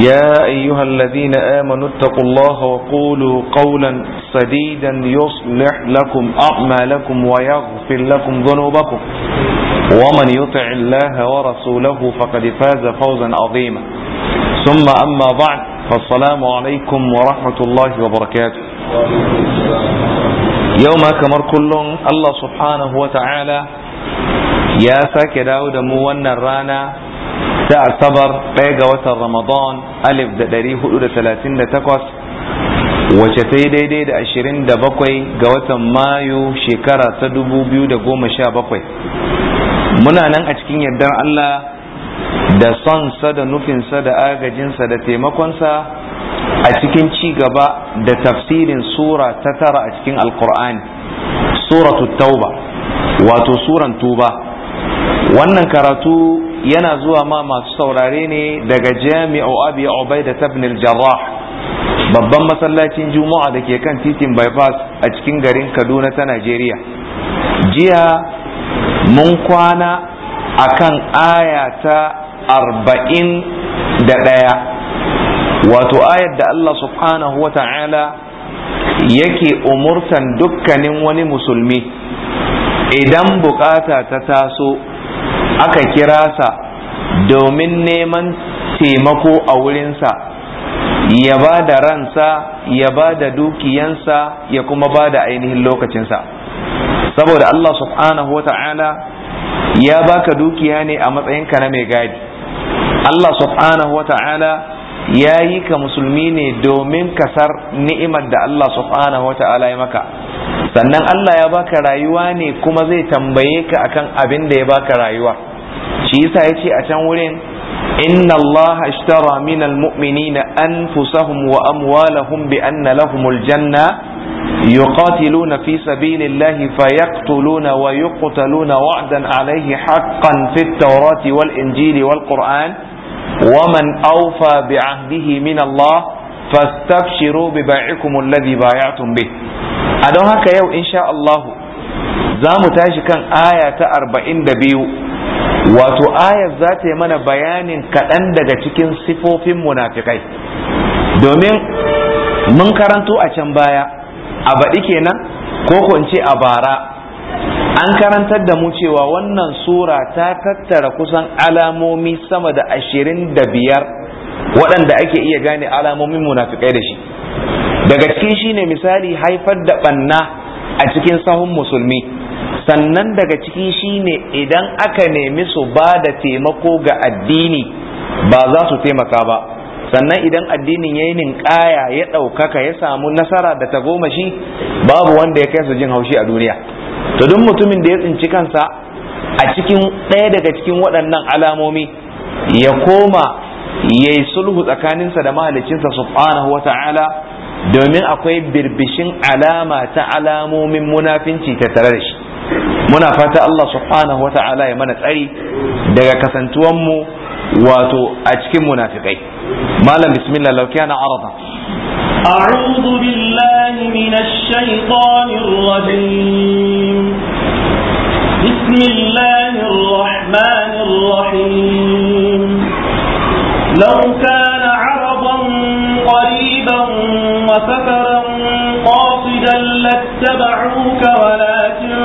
يا أيها الذين آمنوا اتقوا الله وقولوا قولا سديدا يصلح لكم أعمالكم ويغفر لكم ذنوبكم ومن يطع الله ورسوله فقد فاز فوزا عظيما ثم أما بعد فالسلام عليكم ورحمة الله وبركاته يوم كمر كل الله سبحانه وتعالى يا ساكي داود موانا رانا ta asabar ɗaya ga watan ramadan alif da ɗari hudu da talatin da takwas wace ta yi daidai da ashirin da bakwai ga watan mayu shekara ta dubu biyu da goma sha bakwai muna nan a cikin yardar allah da sonsa da nufinsa da agajinsa da taimakonsa a cikin ci gaba da tafsirin sura ta tara a cikin alkur'ani suratu tauba wato suran tuba wannan karatu yana zuwa ma masu saurare ne daga jami'u abi ubaida ibn al-jarrah babban masallacin juma'a da ke kan titin bypass a cikin garin kaduna ta najeriya jiya mun kwana akan aya ta arba'in da ɗaya wato ayar da allah subhanahu wa yake umurtan dukkanin wani musulmi idan bukata ta taso aka kira sa domin neman taimako a wurinsa ya ba da ransa ya ba da dukiyansa ya kuma ba da ainihin lokacinsa saboda Allah subhanahu wa ya baka dukiya ne a matsayin ka na mai gadi Allah subhanahu wa ya yi ka musulmi ne domin kasar ni'imar da Allah subhanahu wa ya maka sannan Allah ya baka rayuwa ne kuma zai tambaye ka akan abin da ya baka rayuwa shi yasa yace a can wurin inna Allah ashtara min almu'minina anfusahum wa amwalahum bi anna lahumul janna yuqatiluna fi sabilillahi fayaqtuluna wa yuqtaluna wa'dan alayhi haqqan fit tawrati wal injili wal qur'an ومن أوفى بعهده من الله فاستبشروا ببيعكم الذي بايعتم به a don haka yau insha Allah za mu tashi kan aya ta arba'in da biyu wato ayar za ta yi mana bayanin kaɗan daga cikin sifofin munafikai domin mun karanto a can baya a baɗi kenan ko ko a bara an karantar da mu cewa wannan sura ta tattara kusan alamomi sama da ashirin da biyar waɗanda ake iya gane alamomin munafikai da shi daga ciki shine misali haifar da banna a cikin sahun musulmi sannan daga ciki shine idan aka nemi su ba da taimako ga addini ba za su taimaka ba sannan idan addinin ya yi ninkaya ya ɗaukaka ya samu nasara da ta goma shi, babu wanda ya kai su jin haushi a duniya to duk mutumin da ya tsinci kansa a cikin ɗaya daga cikin waɗannan alamomi ya koma ya yi sulhu tsakaninsa da mahalicinsa subhanahu wa ta'ala domin akwai birbishin alama ta alamomin munafinci ta tare da shi muna fata Allah subhanahu wata'ala ya mana tsari daga kasantuwanmu wato a cikin munafikai malam bismillah lauki ana arata أعوذ بالله من الشيطان الرجيم بسم الله الرحمن الرحيم لو كان عرضا قريبا وفكرا قاصدا لاتبعوك ولكن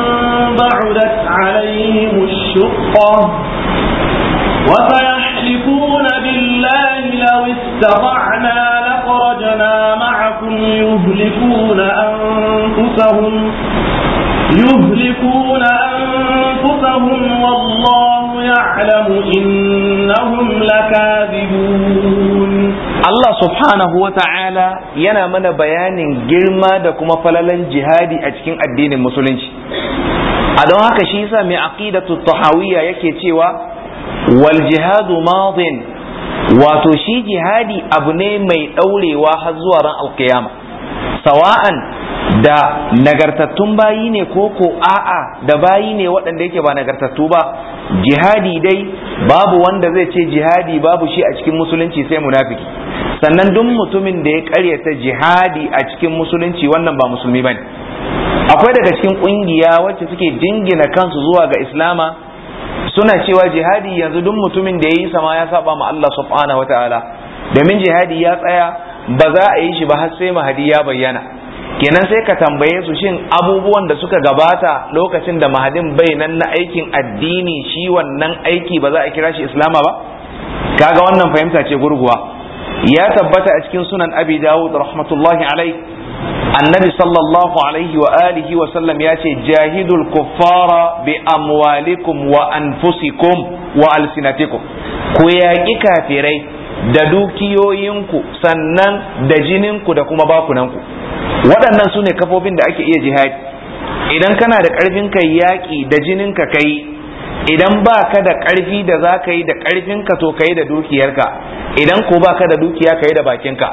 بعدت عليهم الشقة وسيحلفون بالله لو استطعنا لخرجنا معكم يهلكون أنفسهم يهلكون أنفسهم والله يعلم إنهم لكاذبون Allah subhanahu wa ta'ala yana mana bayanin girma da kuma falalan jihadi a cikin addinin musulunci a don haka shi yasa mai aqidatu tahawiyya yake cewa wal jihadu madin wato shi jihadi abu ne mai daurewa har zuwa ran alkiyama sawa'an da nagartattun bayi ne ko ko a'a da bayi ne waɗanda yake ba nagartattu ba jihadi dai babu wanda zai ce jihadi babu shi a cikin musulunci sai munafiki sannan duk mutumin da ya karyata jihadi a cikin musulunci wannan ba musulmi bane akwai daga cikin kungiya wacce suke dingina kansu zuwa ga islama suna cewa jihadi yanzu duk mutumin da ya yi sama ya saba ma Allah subhanahu wataala domin jihadi ya tsaya ba za a yi shi ba har sai mahadi ya bayyana kenan sai ka tambaye su shin abubuwan da suka gabata lokacin da mahadin bai nan na aikin addini shi wannan aiki ba za a kira shi islama ba kaga wannan fahimta ce gurguwa ya tabbata a cikin sunan abi dawud rahmatullahi alai annabi sallallahu alaihi wa alihi wa sallam ya ce jahidul kuffara bi amwalikum wa anfusikum wa alsinatikum ku yaƙi kafirai da dukiyoyinku sannan da jininku da kuma bakunanku waɗannan su ne kafofin da ake iya jihadi idan kana da ƙarfin kai yaƙi da jininka kai idan ba ka da ƙarfi da za ka yi da ƙarfinka to ka yi da dukiyarka idan ko ba ka da dukiya ka yi da bakinka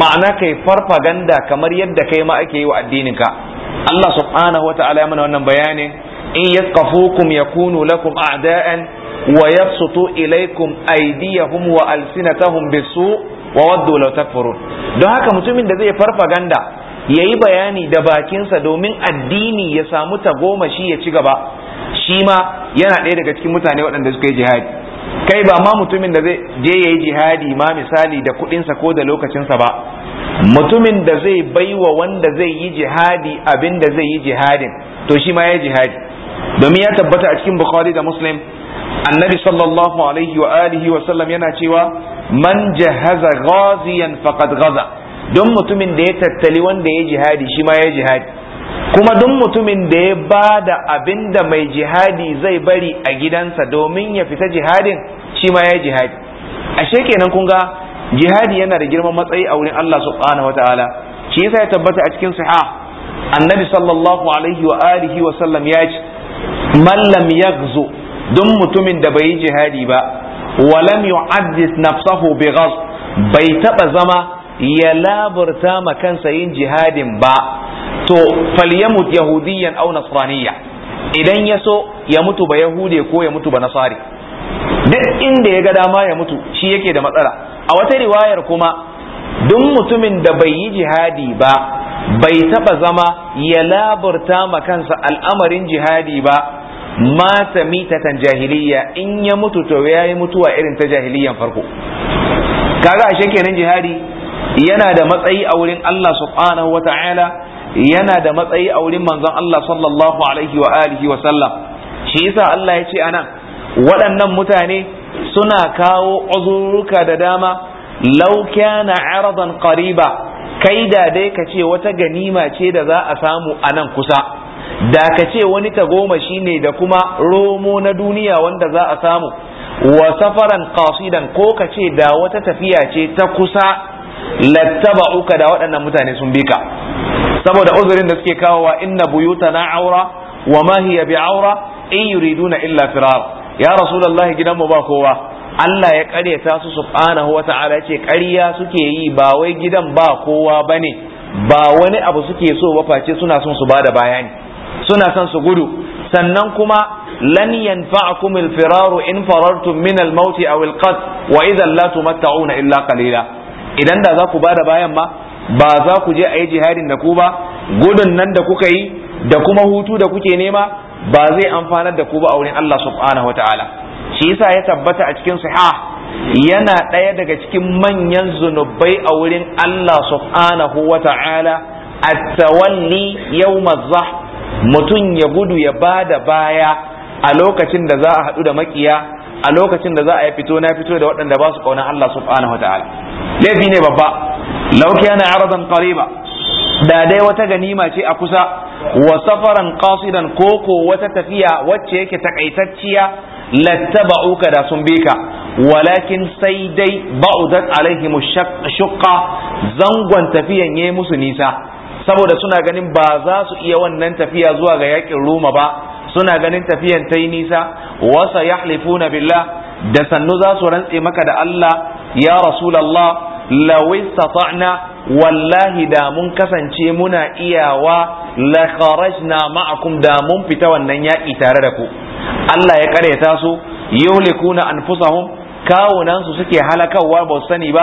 ma'ana ka yi farfaganda kamar yadda kai ma ake yi wa addininka Allah subhanahu wa ta'ala mana wannan bayanin in ya yakunu lakum a'da'an wa yabsutu ilaykum aydiyahum wa alsinatahum bisu wa waddu law takfurun don haka mutumin da zai farfaganda yayi bayani da bakinsa domin addini ya samu tagomashi ya ci gaba shi ma yana ɗaya daga cikin mutane waɗanda suka yi jihadi kai ba ma mutumin da zai je yayi jihadi ma misali da kuɗinsa ko da lokacinsa ba mutumin da zai baiwa wanda zai yi jihadi abin da zai yi jihadin to shi ma ya jihadi domin ya tabbata a cikin bukhari da muslim annabi sallallahu alaihi wa alihi wa sallam yana cewa man jahaza ghaziyan faqad ghaza don mutumin da ya tattali wanda ya jihadi shi ma ya jihadi kuma duk mutumin da ya ba da abin da mai jihadi zai bari a gidansa domin ya fita jihadin shi ma ya yi jihadi ashe kenan kun ga jihadi yana da girman matsayi a wurin Allah subhanahu wataala shi yasa ya tabbata a cikin sahiha annabi sallallahu alaihi wa alihi wa sallam ya ce man lam yaghzu duk mutumin da bai yi jihadi ba wa lam yu'addis nafsahu bi bai taba zama ya laburta ma kansa yin jihadin ba to falyamut yahudiyan aw nasraniya idan ya so ya mutu ba yahude ko ya mutu ba nasari duk inda ya ga dama ya mutu shi yake da matsala a wata riwayar kuma duk mutumin da bai yi jihadi ba bai taba zama ya laburta ma kansa al'amarin jihadi ba mata mitatan jahiliya in ya mutu to ya yi mutuwa irin ta jahiliyan farko kaga ashe kenan jihadi yana da matsayi a wurin Allah subhanahu wata'ala yana da matsayi a wurin manzon Allah sallallahu alaihi wa alihi wa sallam shi yasa Allah ya ce anan waɗannan mutane suna kawo uzurruka da dama law kana aradan qariba kai da dai ka ce wata ganima ce da za a samu a nan kusa da ka ce wani tagomashi ne da kuma romo na duniya wanda za a samu wa safaran qasidan ko ka ce da wata tafiya ce ta kusa lattaba'uka da waɗannan mutane sun bi ka saboda uzurin da suke kawowa inna buyutana aura wa ma hiya bi aura in yuriduna illa firar ya rasulullah gidan mu ba kowa Allah ya karyata su subhanahu wata'ala ce ƙarya suke yi ba wai gidan ba kowa bane ba wani abu suke so ba face suna son su bada bayani suna son su gudu sannan kuma lan yanfa'akum al-firaru in farartum min al-maut aw al-qat wa idhan la tumatta'una illa qalila idan da za ku bada bayan ma ba za ku je a yi jihadin da ku ba gudun nan da kuka yi da kuma hutu da kuke nema ba zai amfanar da ku ba a wurin Allah subhanahu wa ta'ala shi yasa ya tabbata a cikin sahiha yana ɗaya daga cikin manyan zunubai a wurin Allah subhanahu wa ta'ala at-tawalli yawma zah mutum ya gudu ya bada baya a lokacin da za a haɗu da makiya a lokacin da za a yi fito na fito da waɗanda ba su ƙaunar Allah subhanahu wa ta'ala laifi ne babba law kana aradan qariba da dai wata ganima ce a kusa wa safaran qasidan ko wata tafiya wacce yake takaitacciya lattaba'uka da sun bi ka walakin sai dai ba'udat alaihim shaqqa zangon tafiyan yayi musu nisa saboda suna ganin ba za su iya wannan tafiya zuwa ga yakin Roma ba suna ganin tafiyan ta yi nisa wasa na billah da sannu za su rantse maka da Allah ya Rasulallah lawai sata'na wallahi da mun kasance muna iyawa la kharajna ma'akum da mun fita wannan yaƙi tare da ku Allah ya ƙaryata su yuhlikuna anfusahum kawunan su suke halakawa ba sani ba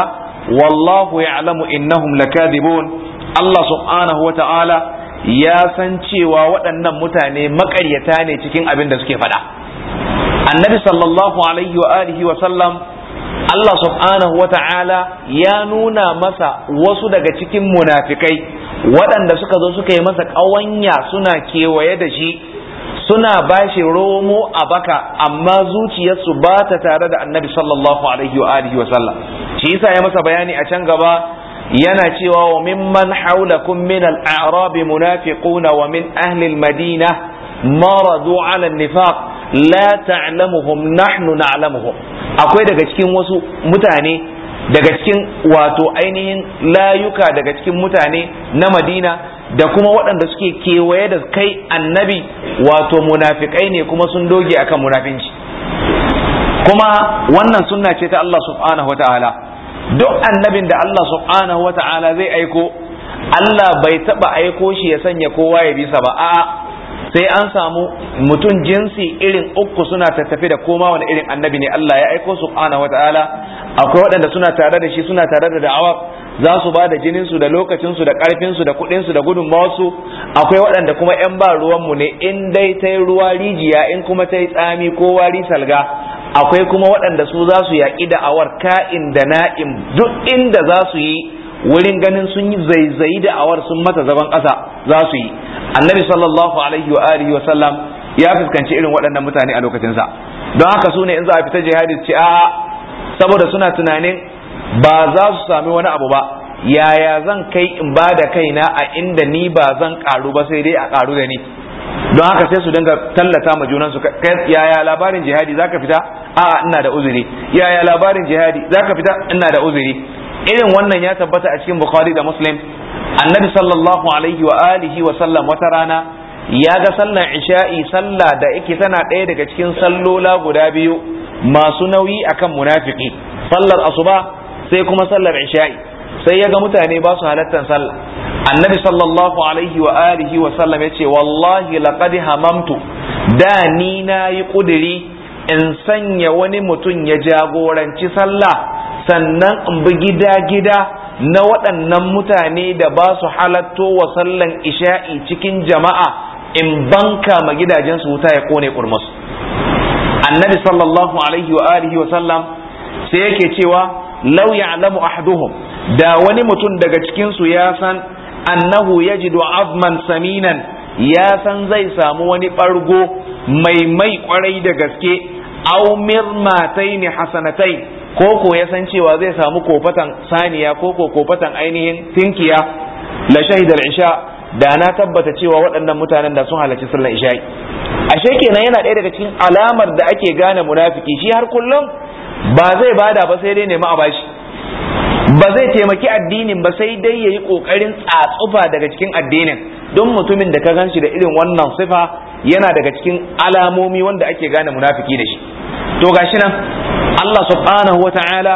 wallahu ya'lamu innahum lakadibun Allah subhanahu wa ta'ala ya san cewa waɗannan mutane maƙaryata ne cikin abin da suke faɗa annabi sallallahu alaihi wa alihi wa sallam Allah subhanahu wa ta'ala ya nuna masa wasu daga cikin munafikai waɗanda suka zo suka yi masa ƙawanya suna kewaye da shi suna bashi romo a baka amma zuciyarsu ba ta tare da annabi sallallahu alaihi wa sallam shi yasa ya masa bayani a can gaba yana cewa wa mimman haulakum min al-a'rab munafiquna wa min ahli al-madina maradu ala an-nifaq la ta'lamuhum nahnu na'lamuhum akwai daga cikin wasu mutane daga cikin wato ainihin layuka daga cikin mutane na madina da kuma waɗanda suke kewaye da kai annabi wato munafikai ne kuma sun doge akan munafinci kuma wannan sunna ce ta Allah subhanahu wata'ala duk annabin da Allah subhanahu wata'ala zai aiko Allah bai taɓa aiko shi ya sanya kowa ya bisa ba a'a sai an samu mutum jinsi irin uku suna tafi da koma wani irin annabi ne Allah ya aiko su wa ta'ala akwai waɗanda suna tare da shi suna tare da da'awa za su ba da jininsu da lokacinsu da ƙarfinsu da kuɗin su da gudunmawarsu. su akwai waɗanda kuma yan ba ruwan mu ne in dai ta ruwa rijiya in kuma ta yi tsami ko wari salga akwai kuma waɗanda su za su yaƙi da'awar ka'in da na'im duk inda za su yi wurin ganin sun yi zaizayi da awar sun mata zaban ƙasa za su yi annabi sallallahu alaihi wa alihi wa sallam ya fuskanci irin waɗannan mutane a lokacinsa don haka su ne in za a fita jihadi ce a saboda suna tunanin ba za su sami wani abu ba yaya zan kai in ba da kaina a inda ni ba zan karu ba sai dai a karu da ni don haka sai su dinga tallata ma junansu yaya labarin jihadi zaka fita a ina da uzuri yaya labarin jihadi zaka fita ina da uzuri irin wannan ya tabbata a cikin bukhari da muslim annabi sallallahu alaihi wa alihi wa sallam wata rana ya ga sallar isha'i sallah da yake tana ɗaya daga cikin sallola guda biyu masu nauyi akan munafiki sallar asuba sai kuma sallar isha'i sai ya ga mutane ba su halattan sallah annabi sallallahu alaihi wa alihi wa sallam ya ce wallahi laqad hamamtu da ni na yi kudiri in sanya wani mutum ya jagoranci sallah sannan in bi gida-gida na waɗannan mutane da ba su halatto wa sallan isha'i cikin jama'a in banka ma gidajensu wuta ya kone kurmus annabi sallallahu alaihi wa alihi wa sallam sai yake cewa law ya'lamu ahaduhum da wani mutum daga cikin su ya san annahu yajidu azman saminan ya san zai samu wani bargo mai mai kwarai da gaske aw mirmatain hasanatai. Koko ya san cewa zai samu kofatan saniya koko kofatan ainihin tinkiya la shahidar isha da na tabbata cewa waɗannan mutanen da sun halarci sallar isha ashe kenan yana ɗaya daga cikin alamar da ake gane munafiki shi har kullum ba zai bada ba sai dai nemi a bashi ba zai taimaki addinin ba sai dai yayi kokarin tsatsufa daga cikin addinin don mutumin da ka ganshi da irin wannan sifa yana daga cikin alamomi wanda ake gane munafiki da shi to gashi nan Allah subhanahu wata'ala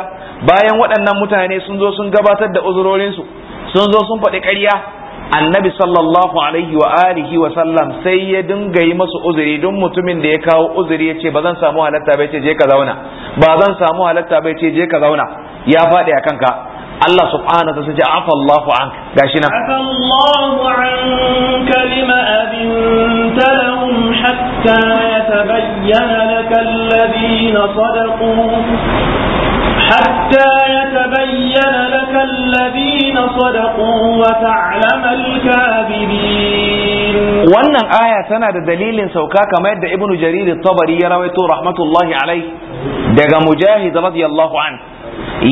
bayan waɗannan mutane sun zo sun gabatar da uzurorinsu sun zo sun faɗi ƙarya annabi sallallahu alaihi wa alihi wa sallam sai ya dinga yi masu uzuri don mutumin da ya kawo uzuri ya ce ba zan samu halatta bai ce je ka zauna ba zan samu halatta bai ce je ka zauna ya faɗi a kanka Allah subhanahu wa ta'ala ya afa Allahu anka gashi nan afa Allahu anka lima abinta حتى يتبين لك الذين صدقوا حتى يتبين لك الذين صدقوا وتعلم الكاذبين wannan aya tana da dalilin sauka kamar yadda ibnu jarir tabari ya rawaito rahmatullahi alai daga mujahid radiyallahu an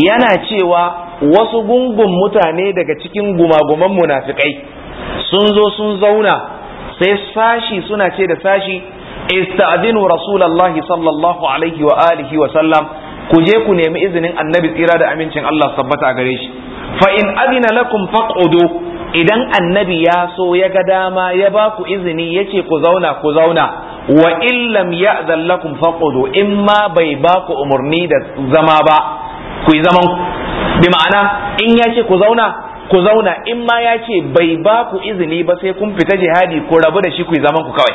yana cewa wasu gungun mutane daga cikin gumaguman munafikai sun zo sun zauna sai sashi suna ce da sashi ista'dinu rasulullahi sallallahu alaihi wa alihi wa sallam ku je ku nemi izinin annabi tsira da amincin Allah sabbata a gare shi fa in adina lakum faq'udu idan annabi ya so ya ga dama ya ba ku izini yace ku zauna ku zauna wa in lam ya'zan lakum faq'udu in ma bai ba ku umarni da zama ba ku yi zaman bi ma'ana in yace ku zauna ku zauna in ma ya ce bai ba ku izini ba sai kun fita jihadi ko rabu da shi ku yi zaman ku kawai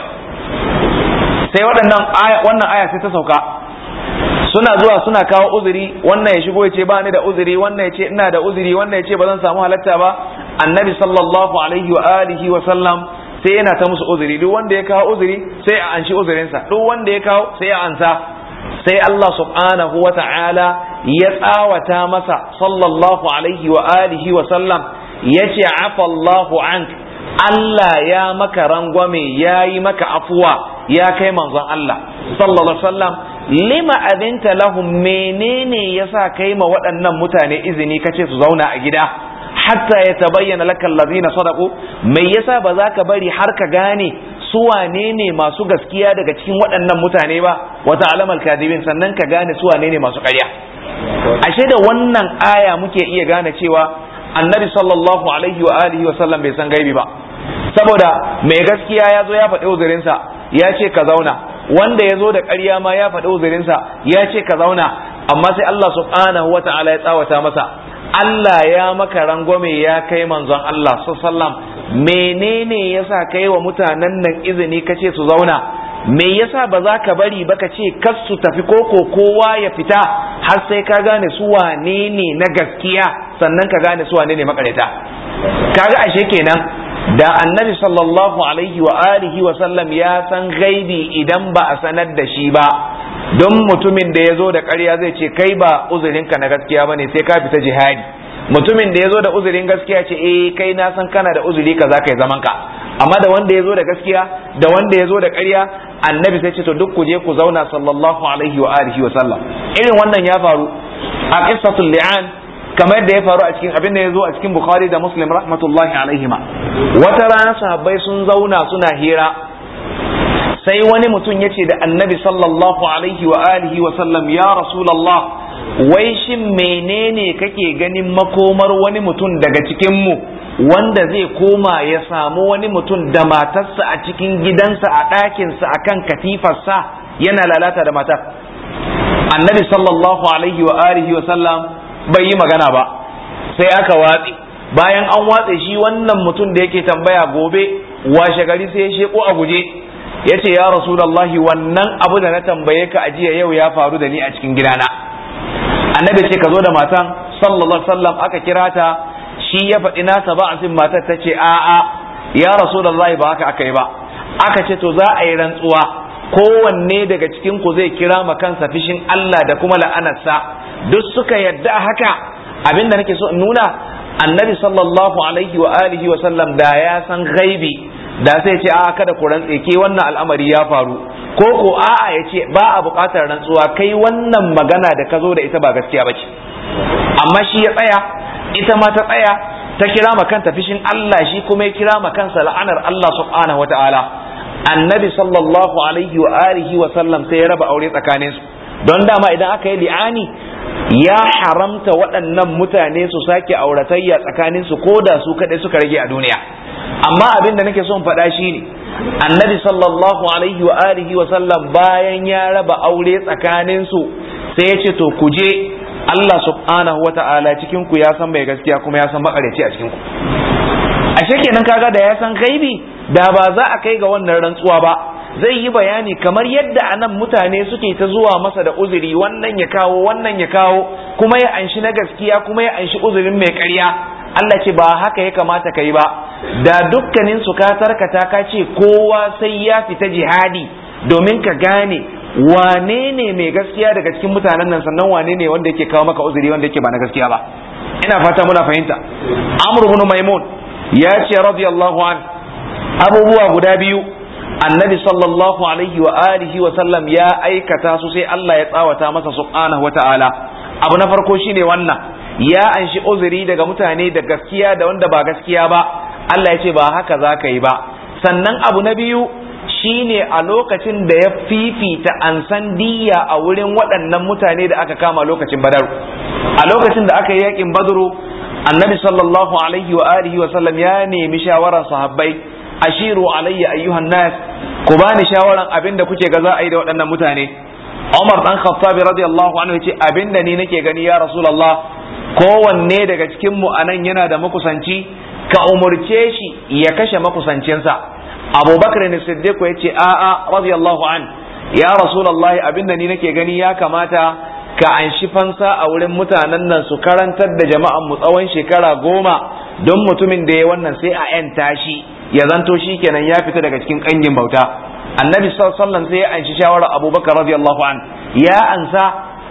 sai waɗannan aya wannan aya sai ta sauka suna zuwa suna kawo uzuri wannan ya shigo ya ce ba ni da uzuri wannan ya ce ina da uzuri wannan ya ce ba zan samu halatta ba annabi sallallahu alaihi wa alihi wa sallam sai yana ta musu uzuri duk wanda ya kawo uzuri sai a anshi uzurinsa duk wanda ya kawo sai a ansa sai Allah subhanahu wa ta'ala ya tsawata masa sallallahu alaihi wa alihi wa sallam ya ce afallahu an Allah ya maka rangwame ya yi maka afuwa ya kai manzon Allah sallallahu alaihi wasallam lima abinta lahum menene yasa kai ma waɗannan mutane izini kace su zauna a gida hatta ya tabayyana lakal ladina sadaqu mai yasa ba za ka bari har ka gane su wane ne masu gaskiya daga cikin waɗannan mutane ba wata alamal kadibin sannan ka gane su wane ne masu ƙarya ashe da wannan aya muke iya gane cewa annabi sallallahu alaihi wa alihi wa sallam bai san gaibi ba saboda mai gaskiya ya zo ya faɗi uzurinsa ya ce ka zauna wanda ya zo da ƙarya ma ya faɗi uzurinsa ya ce ka zauna amma sai Allah subhanahu wa ta'ala ya tsawata masa Allah ya maka rangwame ya kai manzon Allah Wa sallam menene yasa kai wa mutanen nan izini kace su zauna me yasa ba za ka bari ba ka ce kas su tafi koko kowa ya fita har sai ka gane su wane ne na gaskiya sannan ka gane su wane ne makareta kaga ashe kenan da annabi sallallahu alaihi wa alihi wa sallam ya san gaibi idan ba a sanar da shi ba don mutumin da ya zo da ƙarya zai ce kai ba uzurinka na gaskiya bane sai ka fita jihadi mutumin da ya zo da uzurin gaskiya ce eh kai na san kana da uzuri ka za ka yi zaman ka amma da wanda ya zo da gaskiya da wanda ya zo da ƙarya annabi sai ce to duk ku je ku zauna sallallahu alaihi wa alihi wa sallam irin wannan ya faru a qissatul li'an kamar da ya faru a cikin abin da ya zo a cikin bukhari da muslim rahmatullahi alaihima wata rana sahabbai sun zauna suna hira sai wani mutum ya ce da annabi sallallahu alaihi wa alihi wa sallam ya rasulullah wai shin menene kake ganin makomar wani mutum daga cikin mu wanda zai koma ya samu wani mutum da matarsa a cikin gidansa a ɗakinsa akan kan katifarsa yana lalata da matar annabi sallallahu alaihi wa alihi wa sallam bai yi magana ba sai aka watsi. bayan an watse shi wannan mutum da yake tambaya gobe washe gari sai ya sheko a guje ya ce ya rasulallahi wannan abu da na tambaye ka a jiya yau ya faru da ni a cikin gidana annabi ce ka zo da matan sallallahu alaihi wa sallam, aka kira ta shi ya faɗi nasa ba sin matar ta ce a'a ya rasu rasulullahi ba haka aka yi ba aka ce to za a yi rantsuwa kowanne daga cikin ku zai kira ma kansa fishin Allah da kuma la'anarsa duk suka yadda haka abinda nake so in nuna annabi sallallahu alaihi wa alihi wa sallam da ya san gaibi da sai ce a kada ku rantse ke wannan al'amari ya faru ko ko a'a ya ce ba a buƙatar rantsuwa kai wannan magana da ka zo da ita ba gaskiya ba ce amma shi ya tsaya ita ma ta tsaya ta kira ma kanta fishin Allah shi kuma ya kira ma kansa la'anar Allah subhanahu wataala annabi sallallahu alaihi wa alihi wa sallam sai ya raba aure tsakanin su don dama idan aka yi li'ani ya haramta waɗannan mutane su sake auratayya tsakanin su ko da su kaɗai suka rage a duniya amma abin da nake son faɗa shine annabi sallallahu alaihi wa alihi wa sallam bayan ya raba aure tsakanin su sai ya ce to ku je Allah subhanahu wa ta'ala cikin ku ya san mai gaskiya kuma ya san makareci a cikin ku ashe kenan kaga da ya san gaibi da ba za a kai ga wannan rantsuwa ba zai yi bayani kamar yadda anan mutane suke ta zuwa masa da uzuri wannan ya kawo wannan ya kawo kuma ya anshi na gaskiya kuma ya anshi uzurin mai karya. Allah ce ba haka ya kamata ka ba da dukkanin su ka tarkata ka ce kowa sai ya fita jihadi domin ka gane wane ne mai gaskiya daga cikin mutanen nan sannan wane ne wanda yake kawo maka uzuri wanda yake ba na gaskiya ba ina fata muna fahimta amr ibn maimun ya ce radiyallahu an abubuwa guda biyu annabi sallallahu alaihi wa alihi wa sallam ya aikata su sai Allah ya tsawata masa subhanahu wa ta'ala abu na farko shine wannan ya anshi uzuri daga mutane da gaskiya da wanda ba gaskiya ba Allah ya ce ba haka za ka yi ba sannan abu na biyu shine a lokacin da ya fifita an san diya a wurin waɗannan mutane da aka kama lokacin badar a lokacin da aka yi yakin badru annabi sallallahu alaihi wa alihi wa sallam ya nemi shawarar sahabbai ashiru alayya ayyuhan nas ku bani shawaran abinda kuke ga za a yi da waɗannan mutane Umar dan Khattabi radiyallahu anhu yace abinda ni nake gani ya Rasulullah kowanne daga cikin mu anan yana da makusanci ka umurce shi ya kashe makusancinsa abubakar ne siddiq ya ce a'a radiyallahu an ya rasulullahi abinda ni nake gani ya kamata ka anshi fansa a wurin mutanen nan su karantar da jama'an mu tsawon shekara goma don mutumin da ya wannan sai a yan tashi ya zanto shi kenan ya fita daga cikin kangin bauta annabi sallallahu alaihi wasallam sai ya anshi shawarar abubakar radiyallahu an ya ansa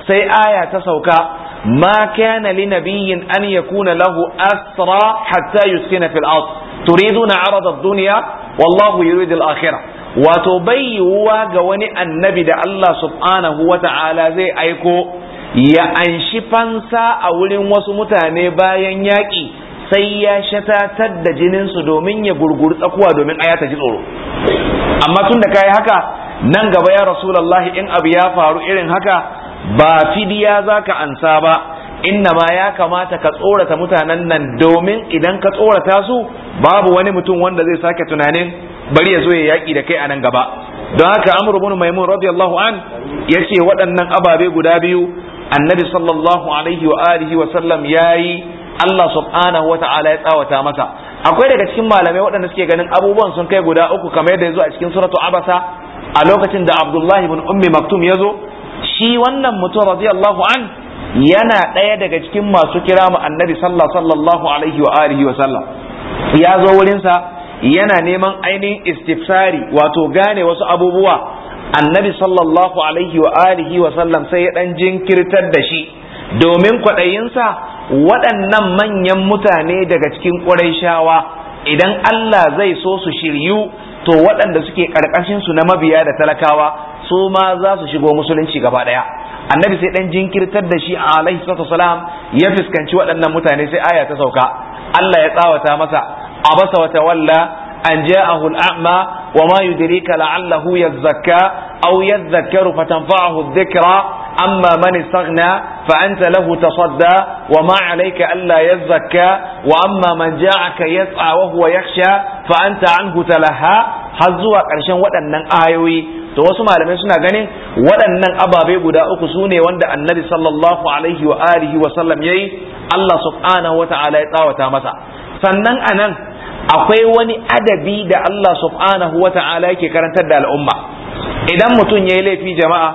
sai aya ta sauka ما كان لنبي أن يكون له أسرى حتى يسكن في الأرض turiduna arada ad duniya. wallahu yuridu al-akhirah wato bai ga wani annabi da Allah subhanahu wa ta'ala zai aiko ya anshi fansa a wurin wasu mutane bayan yaƙi sai ya shatatar da jininsu domin ya gurguri tsakuwa domin aya ta ji tsoro amma tun da yi haka nan gaba ya rasulallahi in abu ya faru irin haka ba fidiya za ka ansa ba inna ma ya kamata ka tsorata mutanen nan domin idan ka tsorata su babu wani mutum wanda zai sake tunanin bari ya zo ya yaƙi da kai a nan gaba don haka amru bin maimun radiyallahu an yace waɗannan ababe guda biyu annabi sallallahu alaihi wa alihi wa sallam yayi Allah subhanahu wa ta'ala ya tsawata masa akwai daga cikin malamai waɗanda suke ganin abubuwan sun kai guda uku kamar yadda ya zo a cikin suratu abasa a lokacin da abdullahi bin ummi maktum ya zo shi wannan mutum radiyallahu an yana ɗaya daga cikin masu kira mu annabi sallallahu alaihi wa alihi wa sallam ya zo wurinsa yana neman ainihin istifsari wato gane wasu abubuwa annabi sallallahu alaihi wa alihi wa sallam sai ya dan jinkirtar da shi domin kwaɗayinsa waɗannan manyan mutane daga cikin ƙurayshawa idan Allah zai so su shiryu to waɗanda suke ƙarƙashin su na mabiya da talakawa su ma za su shigo musulunci gaba ɗaya annabi sai dan jinkirtar da shi alaihi salatu ya fuskanci waɗannan mutane sai aya ta sauka Allah ya tsawata masa abasa wa tawalla an a al'ama wa ma yudrika la'allahu yazzakka aw yadhakkaru fatanfa'ahu dhikra amma man istaghna fa anta lahu tasadda wa ma 'alayka alla yazzakka wa amma man ja'aka yas'a wa huwa yakhsha fa anta anhu talaha har zuwa ƙarshen waɗannan ayoyi to wasu malamai suna ganin waɗannan ababe guda uku su ne wanda annabi sallallahu alaihi wa alihi wa sallam yayi Allah subhanahu wata'ala ya tsawata masa sannan anan akwai wani adabi da Allah subhanahu wata'ala yake karantar da al'umma idan mutum yayi laifi jama'a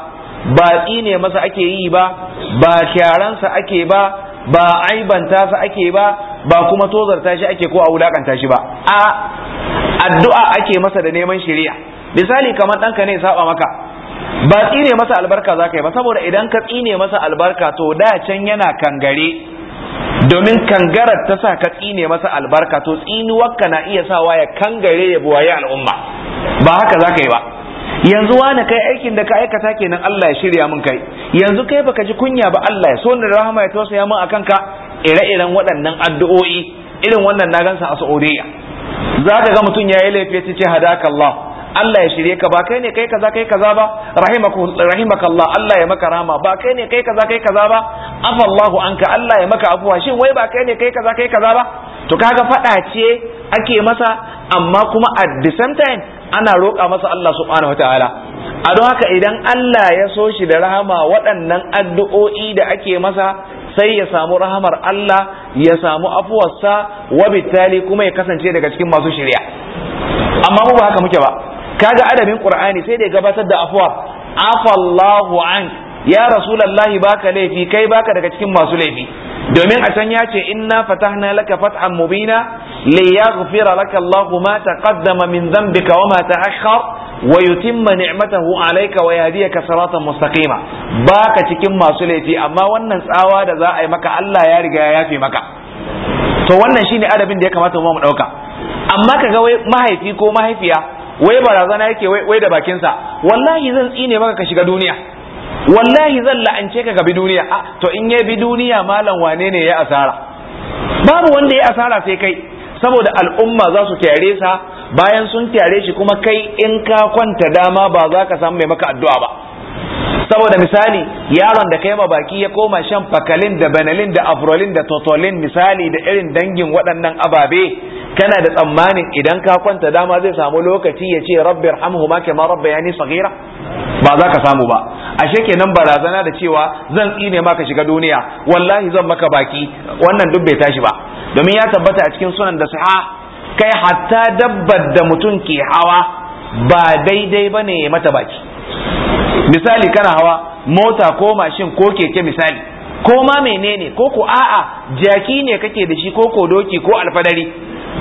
ba ne masa ake yi ba ba kyaransa ake ba ba aibanta sa ake ba ba kuma tozarta shi ake ko a wulakanta shi ba a addu'a ake masa da neman shari'a misali kamar ɗanka ne saba maka ba tsine masa albarka za ka yi ba saboda idan ka tsine masa albarka to da can yana kangare domin kangarar ta sa ka tsine masa albarka to tsinuwarka na iya sawa ya kangare ya buwaye al'umma ba haka za ka yi ba yanzu wani kai aikin da ka aikata kenan Allah ya shirya mun kai yanzu kai baka ji kunya ba Allah ya so ni rahama ya tausaya mun akan ka ire-iren waɗannan addu'o'i irin wannan na gansa a Saudiya za ka ga mutum ya yi laifi ya ce hadaka Allah Allah ya shirye ka ba kai ne kai kaza kai kaza ba rahimaka Allah Allah ya maka rama ba kai ne kai kaza kai kaza ba afa Allahu anka Allah ya maka afuwa shin wai ba kai ne kai kaza kai kaza ba to kaga faɗa ce ake masa amma kuma at the same time ana roƙa masa Allah subhanahu wataala a don haka idan Allah ya so shi da rahama waɗannan addu'o'i da ake masa sai ya samu rahamar Allah ya samu afuwarsa wa bittali kuma ya kasance daga cikin masu shari'a amma mu ba haka muke ba kaga adabin qur'ani sai da gabatar da afuwar afallahu an ya rasulullahi baka laifi kai baka daga cikin masu laifi domin a can ya ce inna fatahna laka fathan mubina liyaghfira laka Allahu ma taqaddama min dhanbika wa ma ta'akhkhar wa yutimma ni'matahu alayka wa yahdiyaka siratan mustaqima baka cikin masu laifi amma wannan tsawa da za a yi maka Allah ya riga ya yafe maka to wannan shine adabin da ya kamata mu mu dauka amma kaga wai mahaifi ko mahaifiya wai barazana yake wai wai da bakinsa wallahi zan tsine maka ka shiga duniya wallahi zan la'ance ka bi duniya a to in ya bi duniya malam wane ne ya asara babu wanda ya asara sai kai saboda al'umma za su tare sa bayan sun tare shi kuma kai in ka kwanta dama ba za ka samu mai maka addu'a ba saboda misali yaron da kai baki ya koma shan fakalin da banalin da afrolin da totolin misali da irin dangin waɗannan ababe kana da tsammanin idan ka kwanta dama zai samu lokaci ya ce rabbi irhamhuma kama rabbayani saghira ba za ka samu ba ashe kenan barazana da cewa zan tsine maka shiga duniya wallahi zan maka baki wannan duk bai tashi ba domin ya tabbata a cikin sunan da sahih kai hatta dabbar da mutum ke hawa ba daidai ba ne mata baki misali kana hawa mota ko mashin ko keke misali ko ma menene ko ko a'a jaki ne kake da shi ko ko doki ko alfadari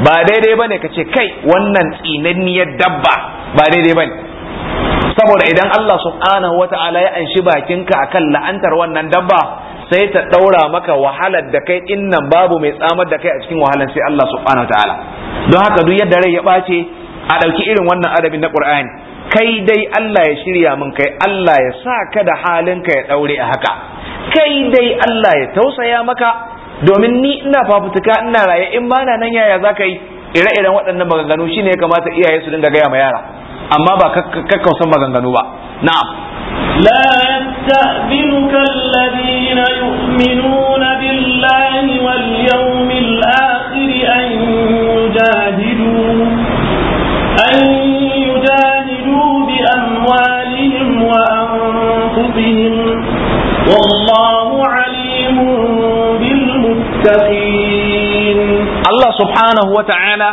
ba daidai ba ne ka ce kai wannan tsinanniyar dabba ba daidai ba ne saboda idan Allah subhanahu wa ta'ala ya anshi bakinka akan la'antar wannan dabba sai ta ɗaura maka wahalar da kai innan babu mai tsamar da kai a cikin wahalar sai Allah subhanahu ta'ala don haka duk yadda rai ya ɓace a ɗauki irin wannan adabin na Qur'ani kai dai Allah ya shirya min kai Allah ya sa ka da halinka ya ɗaure a haka kai dai Allah ya tausaya maka domin ni ina fafutuka ina raye in ba na nan yaya za ka yi ire-iren waɗannan maganganu shine ya kamata iyaye su dinga gaya ma yara amma ba kakkausan maganganu ba na'am لا يستأذنك الذين يؤمنون بالله واليوم الآخر أن يجاهدوا أن يجاهدوا بأموالهم وأنفسهم والله عليم بالمتقين الله سبحانه وتعالى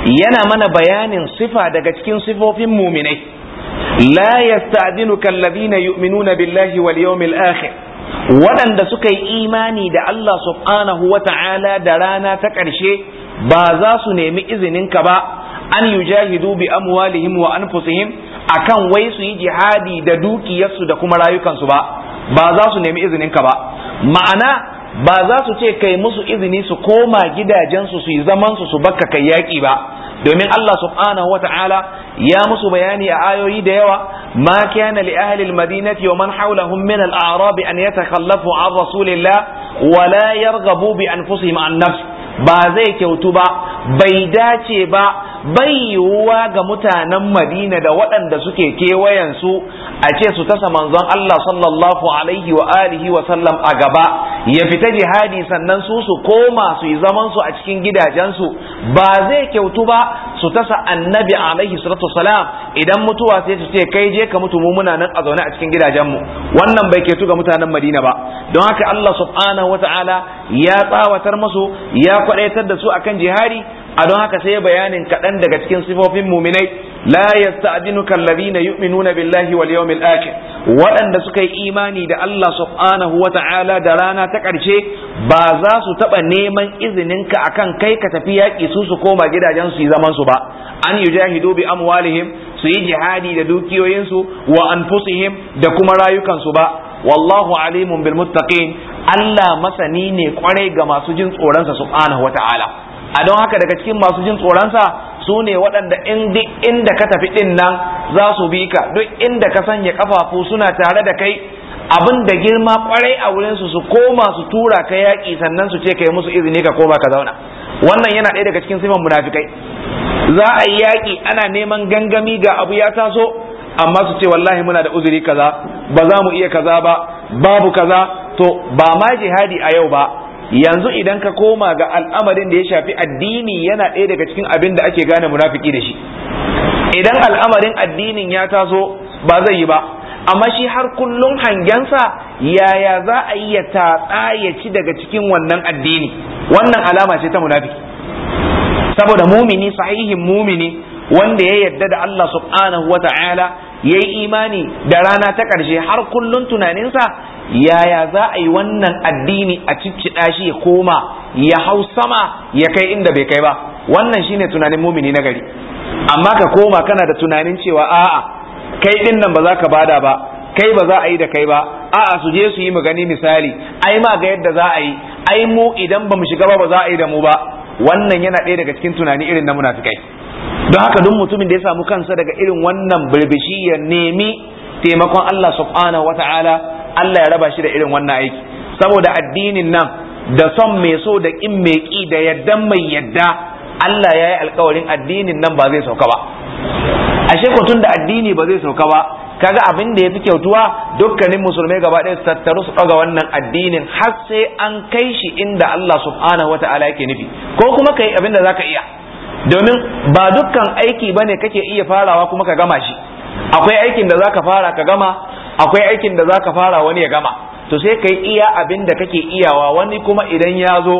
yana mana bayanin sifa daga cikin sifofin muminai la yasta'dhinuka alladhina yu'minuna billahi wal yawmil akhir waɗanda suka yi imani da Allah subhanahu wa da rana ta ƙarshe ba za su nemi izininka ba an yujahidu bi amwalihim wa anfusihim akan wai su yi jihadi da dukiyarsu da kuma rayukansu ba ba za su nemi izininka ba ma'ana ba za su ce kai musu izini su koma gidajensu su yi zamansu su bakka kai yaƙi ba domin Allah subhanahu wata'ala ya musu bayani a ayoyi da yawa ma kana li ahlil madinati wa man hawlahum min al-a'rab an yatakhallafu an rasulillah wa la yarghabu bi anfusihim an nafs ba zai kyautu ba bai dace ba bai yiwuwa ga mutanen madina da waɗanda suke kewayensu a ce su tasa manzon Allah sallallahu alaihi wa alihi wa sallam a gaba ya fita jihadi sannan su su koma su yi zaman su a cikin gidajensu ba zai kyautu ba su tasa annabi alaihi salatu salam idan mutuwa sai su ce kai je ka mutu mu muna nan a zaune a cikin gidajenmu wannan bai kyautu ga mutanen madina ba don haka Allah subhanahu wa ta'ala ya tsawatar musu ya kwadaitar da su akan jihadi a don haka sai bayanin kaɗan daga cikin sifofin muminai la yasta'dinuka alladhina yu'minuna billahi wal yawmil akhir waɗanda suka yi imani da Allah subhanahu wa ta'ala da rana ta ƙarshe ba za su taɓa neman izinin ka akan kai ka tafi yaƙi su su koma gidajen su yi zaman su ba an yujahidu bi amwalihim su yi jihadi da dukiyoyinsu wa anfusihim da kuma rayukansu ba wallahu alimun bil muttaqin Allah masani ne kwarai ga masu jin tsoronsa subhanahu ta'ala. a don haka daga cikin masu jin tsoronsa su ne waɗanda inda ka tafi ɗin nan za su bi ka duk inda ka sanya kafafu suna tare da kai abin da girma kwarai a wurin su koma su tura ka yaƙi sannan su ce ka yi musu izini ka koma ka zauna wannan yana ɗaya daga cikin siman munafikai za a yi yaƙi ana neman gangami ga abu ya taso amma su ce wallahi muna da uzuri kaza ba za mu iya kaza ba babu kaza to ba ma jihadi a yau ba yanzu idan ka koma ga al'amarin da ya shafi addini yana ɗaya daga cikin abin da ake gane munafiki da shi idan al'amarin addinin ya taso ba zai yi ba amma shi har kullum hangensa yaya za a yi ya tatsa ya ci daga cikin wannan addini wannan alama ce ta munafiki saboda mumini sahihin mumini wanda ya yadda da Allah subhanahu wa ta'ala ya yi imani da rana ta ƙarshe har kullum tunaninsa yaya za a yi wannan addini a ciccida shi ya koma ya hau sama ya kai inda bai kai ba wannan shine tunanin mumini na gari amma ka koma kana da tunanin cewa a'a kai din nan ba za ka bada ba kai ba za a yi da kai ba a'a su je su yi mu gani misali ai ma ga yadda za a yi ai mu idan ba mu shiga ba ba za a yi da mu ba wannan yana ɗaya daga cikin tunani irin na munafikai don haka duk mutumin da ya samu kansa daga irin wannan birbishi ya nemi taimakon Allah subhanahu wata'ala Allah ya raba shi da irin wannan aiki saboda addinin nan da son mai so da in mai ki da yaddan mai yadda Allah ya yi alkawarin addinin nan ba zai sauka ba ashe ko tun da addini ba zai sauka ba kaga abin da ya fi kyautuwa dukkanin musulmai gaba ɗaya su tattaru su ɗaga wannan addinin har sai an kai shi inda Allah subhanahu wata'ala yake nufi ko kuma kai abin da zaka iya domin ba dukkan aiki bane kake iya farawa kuma ka gama shi akwai aikin da zaka fara ka gama akwai aikin da zaka fara wani ya gama to sai kai iya abin da kake iyawa wani kuma idan ya zo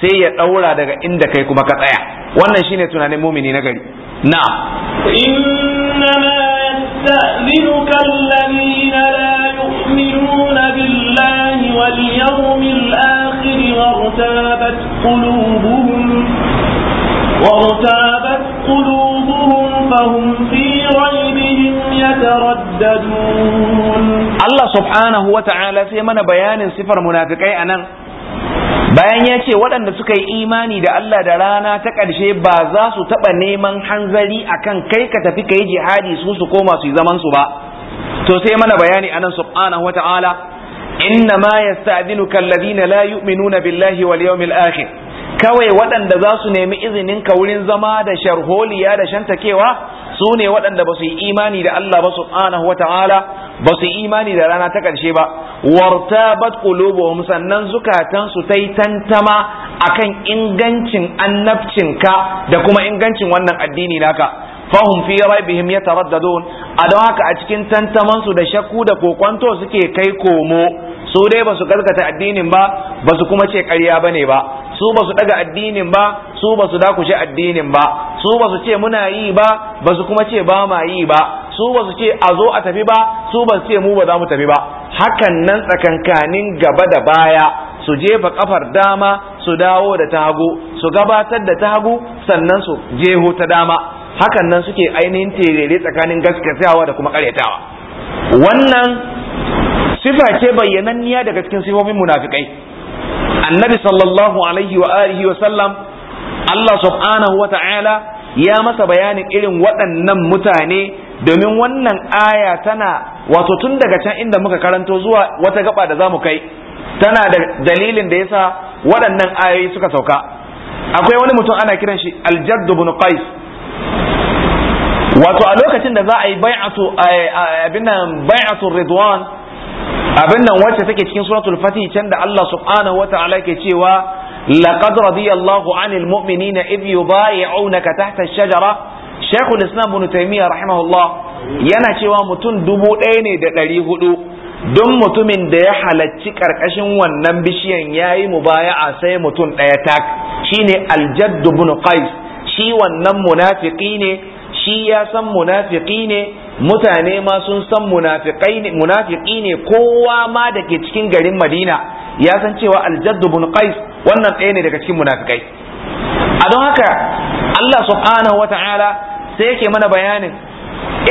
sai ya daura daga inda kai kuma ka tsaya wannan shine tunanin mumini na gari na'am innama yasta'dhinuka alladhina la yu'minuna billahi wal yawmil akhir wartabat qulubuhum wartabat qulubuhum fahum Allah subhanahu wa ta'ala sai mana bayanin sifar munafikai anan bayan ya ce waɗanda suka yi imani da Allah da rana ta ƙarshe ba za su taɓa neman hanzari akan kai ka tafi ka yi jihadi su su koma su yi zaman su ba to sai mana bayani anan subhanahu wa ta'ala inna ma yasta'dhinuka alladhina la yu'minuna billahi wal yawmil akhir kawai waɗanda za su nemi izinin ka wurin zama da sharholiya da shantakewa su ne waɗanda ba su yi imani da Allah ba subhanahu wata'ala ba su yi imani da rana ta ƙarshe ba bat qulubuhum sannan zukatan su tai tantama akan ingancin ka da kuma ingancin wannan addini naka fahum fi raibihim yataraddadun a don haka a cikin tantaman su da shakku da kokwanto suke kai komo su dai ba su gaskata addinin ba ba su kuma ce ƙarya bane ba su ba su daga addinin ba su ba su dakushe addinin ba su ba su ce muna yi ba ba su kuma ce ba ma yi ba su ba su ce a zo a tafi ba su ba su ce mu ba za mu tafi ba hakan nan tsakankanin gaba da baya su jefa kafar dama su dawo da ta hagu su gabatar da ta hagu sannan su jeho ta dama hakan nan suke ainihin terere tsakanin gaskatawa da kuma karyatawa wannan sifa ce bayyananniya daga cikin sifofin munafikai annabi sallallahu alaihi wa alihi wa sallam Allah subhanahu wa ta'ala ya masa bayanin irin waɗannan mutane domin wannan aya tana wato tun daga can inda muka karanto zuwa wata gaba da zamu kai tana da dalilin da yasa waɗannan ayoyi suka sauka akwai wani mutum ana kiran shi aljadd ibn qais wato a lokacin da za a yi bai'atu abin bai'atu ridwan abin nan wacce take cikin suratul fatih can da Allah subhanahu wa ta'ala ke cewa laqad radiyallahu 'anil mu'minina idh yubayi'unaka tahta ash-shajara Sheikhul Islam Ibn Taymiyyah rahimahullah yana cewa mutum dubu ɗaya ne da ɗari hudu don mutumin da ya halacci ƙarƙashin wannan bishiyan yayi mubaya'a sai mutum ɗaya tak shine aljaddu jadd ibn Qais shi wannan munafiki ne shi ya san munafiki ne mutane ma sun san munafiki ne kowa ma dake cikin garin madina ya san cewa aljaddu bin qais wannan ɗaya ne daga cikin munafikai a don haka Allah subhanahu wa ta'ala sai yake mana bayanin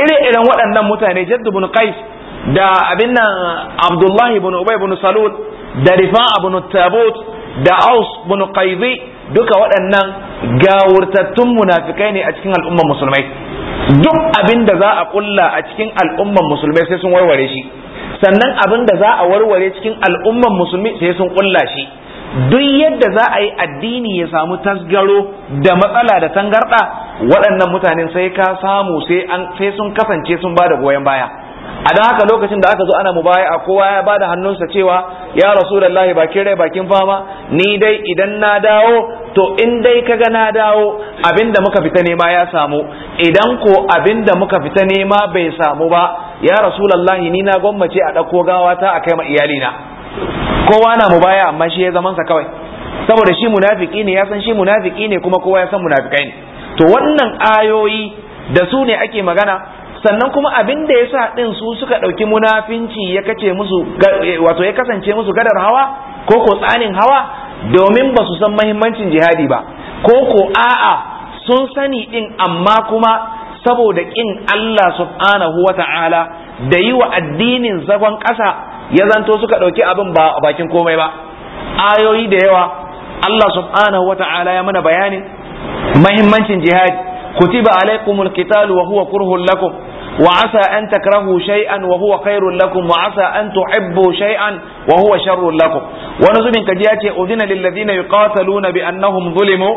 ire irin waɗannan mutane jaddu bin qais da abin nan abdullahi bin ubay bin salul da rifa'a bin tabut da aus bin qaydi duka waɗannan gawurtattun munafikai ne a cikin al'umman musulmai duk abin da za a kulla a cikin al'umman musulmai sai sun warware shi sannan abin da za a warware cikin al'umman musulmi sai sun kulla shi duk yadda za a yi addini ya samu tasgaro da matsala da tangarɗa waɗannan mutanen sai ka samu sai sun kasance sun ba da goyon baya a don haka lokacin da aka zo ana a kowa ya bada hannunsa cewa ya rasu rasulullahi bakin rai bakin fama ni dai idan na dawo to in dai kaga na dawo abinda muka fita nema ya samu idan ko abinda muka fita nema bai samu ba ya rasulullahi ni na gwammace a ɗauko gawa ta a kai ma iyalina kowa na mubaya amma shi ya zamansa kawai saboda shi munafiki ne ya san shi munafiki ne kuma kowa ya san munafikai ne to wannan ayoyi da su ne ake magana sannan kuma abin da ya sa ɗin su suka ɗauki munafinci ya kace musu e, wato ya kasance musu gadar hawa ko ko tsanin hawa domin ba su san mahimmancin jihadi ba ko ko a'a sun sani ɗin amma kuma saboda ƙin Allah subhanahu wa ta'ala da yi wa addinin zagon ƙasa ya zanto suka ɗauki abin ba bakin komai ba ayoyi da yawa Allah subhanahu wa ta'ala ya mana bayanin mahimmancin jihadi kutiba alaikumul qital wa huwa kurhun lakum وعسى أن تكرهوا شيئا وهو خير لكم وعسى أن تحبوا شيئا وهو شر لكم ونزل كجياتي أذن للذين يقاتلون بأنهم ظلموا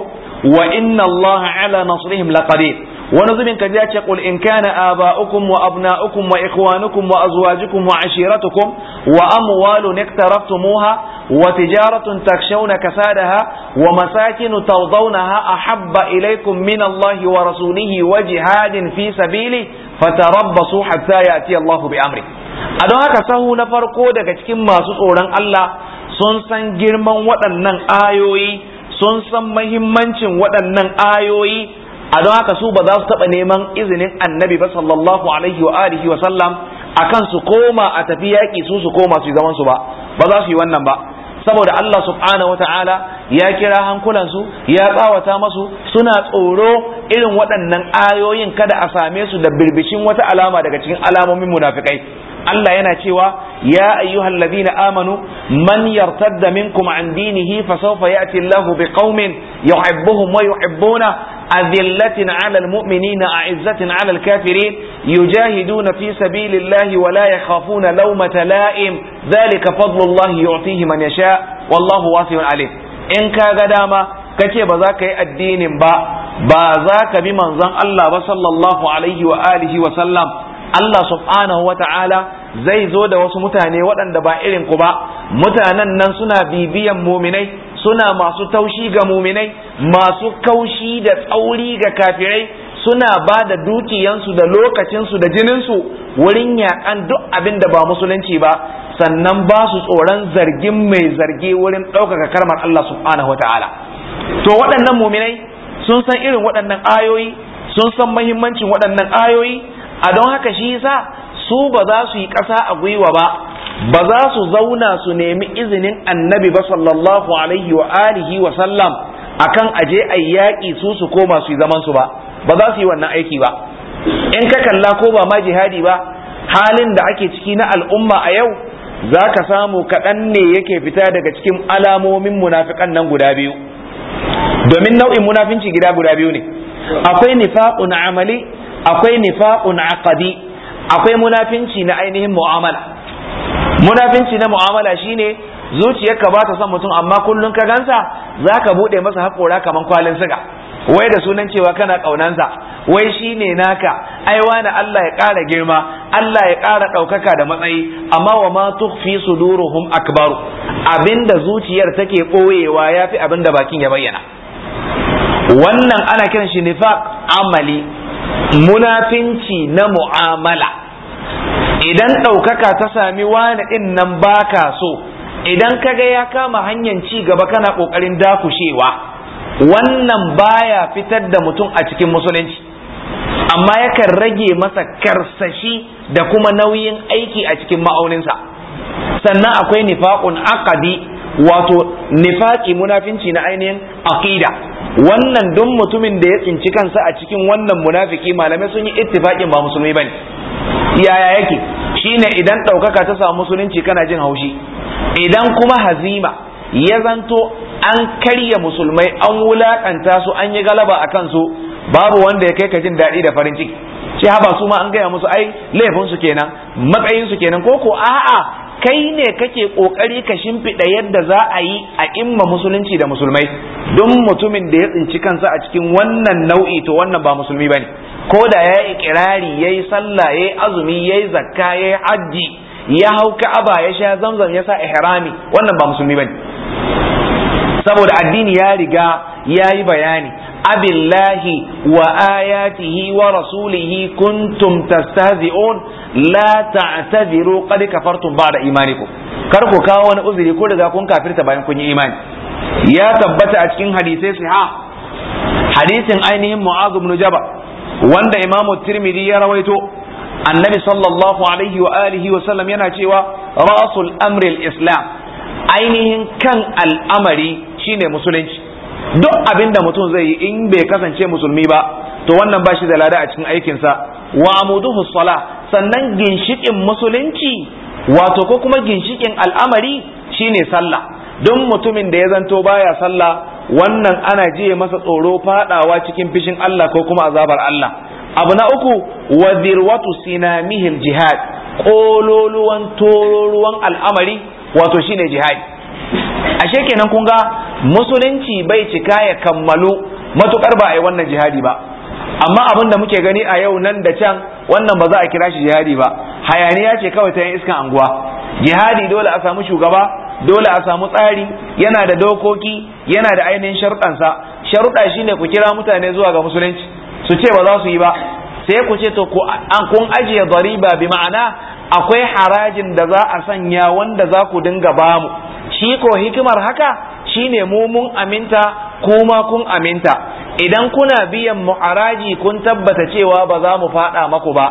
وإن الله على نصرهم لقدير ونزل كجياتي قل إن كان آباؤكم وأبناؤكم وإخوانكم وأزواجكم وعشيرتكم وأموال اقترفتموها وتجارة تخشون كسادها ومساكن ترضونها أحب إليكم من الله ورسوله وجهاد في سبيله fatarabbasu hatta ya'ti Allahu bi amri a don haka sahu na farko daga cikin masu tsoron Allah sun san girman waɗannan ayoyi sun san mahimmancin waɗannan ayoyi a don haka su ba za su taɓa neman izinin annabi ba sallallahu alaihi wa alihi wa sallam akan su koma a tafi yaƙi su su koma su zaman su ba ba za su yi wannan ba saboda Allah subhanahu wa ta'ala ya kira hankulansu ya tsawata masu suna tsoro irin waɗannan ayoyin kada a same su da birbishin wata alama daga cikin alamomin munafikai Allah yana cewa ya ayyuhal ladina amanu man yartadda minkum an dinihi fa sawfa ya'ti Allahu biqaumin yuhibbuhum wa yuhibbuna أذلة على المؤمنين أعزة على الكافرين يجاهدون في سبيل الله ولا يخافون لومة لائم ذلك فضل الله man yasha wallahu والله واسع in ka ga dama ka ce ba za ka yi addinin ba ba za ka bi manzon Allah ba sallallahu alaihi wa alihi wa sallam Allah subhanahu wa ta'ala zai zo da wasu mutane waɗanda ba irin ku ba mutanen nan suna bibiyan muminai suna masu taushi ga muminai masu kaushi da tsauri ga kafirai suna ba da dukiyansu da lokacinsu da jininsu wurin yakan duk abin da ba musulunci ba sannan ba su tsoron zargin mai zargi wurin ɗaukaka karmar Allah subhanahu wata'ala to waɗannan muminai sun san irin waɗannan ayoyi sun san mahimmancin waɗannan ayoyi a don haka shi yasa su ba za su yi ƙasa a gwiwa ba ba za su zauna su nemi izinin annabi ba sallallahu alaihi wa alihi wa sallam akan aje ayi yaƙi su su koma su yi zaman su ba ba za su yi wannan aiki ba in ka kalla ko ba ma jihadi ba halin da ake ciki na al'umma a yau za ka samu kaɗan ne yake fita daga cikin alamomin munafiƙan nan guda biyu domin nau'in munafinci gida guda biyu ne akwai nifaqun amali akwai nifaqun akwadi, akwai munafinci na ainihin mu'amala munafinci na mu'amala shine zuciyarka ba ta son mutum amma kullum ka gansa ka buɗe masa haƙora kamar kwalin siga wai da sunan cewa kana kaunansa wai shi ne naka ai wani Allah ya ƙara girma Allah ya ƙara ɗaukaka da matsayi amma wa ma tukhfi suduruhum akbaru abinda zuciyar take ɓoyewa yafi abinda bakin ya bayyana wannan ana kiran shi nifaq amali munafinci na mu'amala idan ɗaukaka ta sami wani ɗin nan baka so idan kaga ya kama hanyar ci gaba kana ƙoƙarin dakushewa wannan baya fitar da mutum a cikin musulunci amma yakan rage masa karsashi da kuma nauyin aiki a cikin ma'auninsa sannan akwai nifaqun aqadi wato nifaqi munafinci na ainihin aqida wannan duk mutumin da ya tsinci kansa a cikin wannan munafiki malamai sun yi ittifaqin ba musulmi bane yaya yake shine idan ɗaukaka ta samu musulunci kana jin haushi idan kuma hazima ya zanto an karya musulmai an wulakanta su an yi galaba a kansu babu wanda ya kai ka jin daɗi da farin ciki shi haba su ma an gaya musu ai laifin su kenan matsayin su kenan ko ko a'a kai ne kake kokari ka shimfiɗa yadda za a yi a imma musulunci da musulmai don mutumin da ya tsinci kansa a cikin wannan nau'i to wannan ba musulmi bane ko da ya yi ikirari ya yi sallah ya azumi ya yi zakka ya yi hajji ya hau ka'aba ya sha zamzam ya sa ihrami wannan ba musulmi bane saboda addini ya riga ya yi bayani abillahi wa ayatihi wa rasulihi kuntum tastahzi'un la ta'tadiru qad kafartum ba'da imanikum kar ku kawo wani uzuri ko daga kun kafirta bayan kun yi imani ya tabbata a cikin hadisai sahih hadisin ainihin mu'adh ibn wanda imamu tirmidhi ya rawaito annabi sallallahu alaihi wa alihi wa sallam yana cewa rasul amri al-islam ainihin kan al'amari shine musulunci duk abin da mutum zai yi in bai kasance musulmi ba to wannan ba shi da lada a cikin aikinsa wa amuduhu sala sannan ginshikin musulunci wato ko kuma ginshikin al'amari shine sallah don mutumin da ya zanto baya sallah wannan ana jiye masa tsoro fadawa cikin fishin Allah ko kuma azabar Allah abu na uku wa dirwatu sinamihil jihad kololuwan tororuwan al'amari wato shine jihad. ashe kenan kun ga musulunci bai cika ya kammalu matukar ba a yi wannan jihadi ba amma abin da muke gani a yau nan da can wannan ba za a kira shi jihadi ba hayaniya ce kawai ta yin iskan anguwa jihadi dole a samu shugaba dole a samu tsari yana da dokoki yana da ainihin sharuɗansa sharuɗa shine ku kira mutane zuwa ga musulunci su ce ba za su yi ba sai ku ce to kun ajiye zariba bi ma'ana akwai harajin da za a sanya wanda za ku dinga bamu shi ko hikimar haka shine mu mun aminta kuma kun aminta idan kuna biyan mu'araji kun tabbata cewa ba za mu faɗa maku ba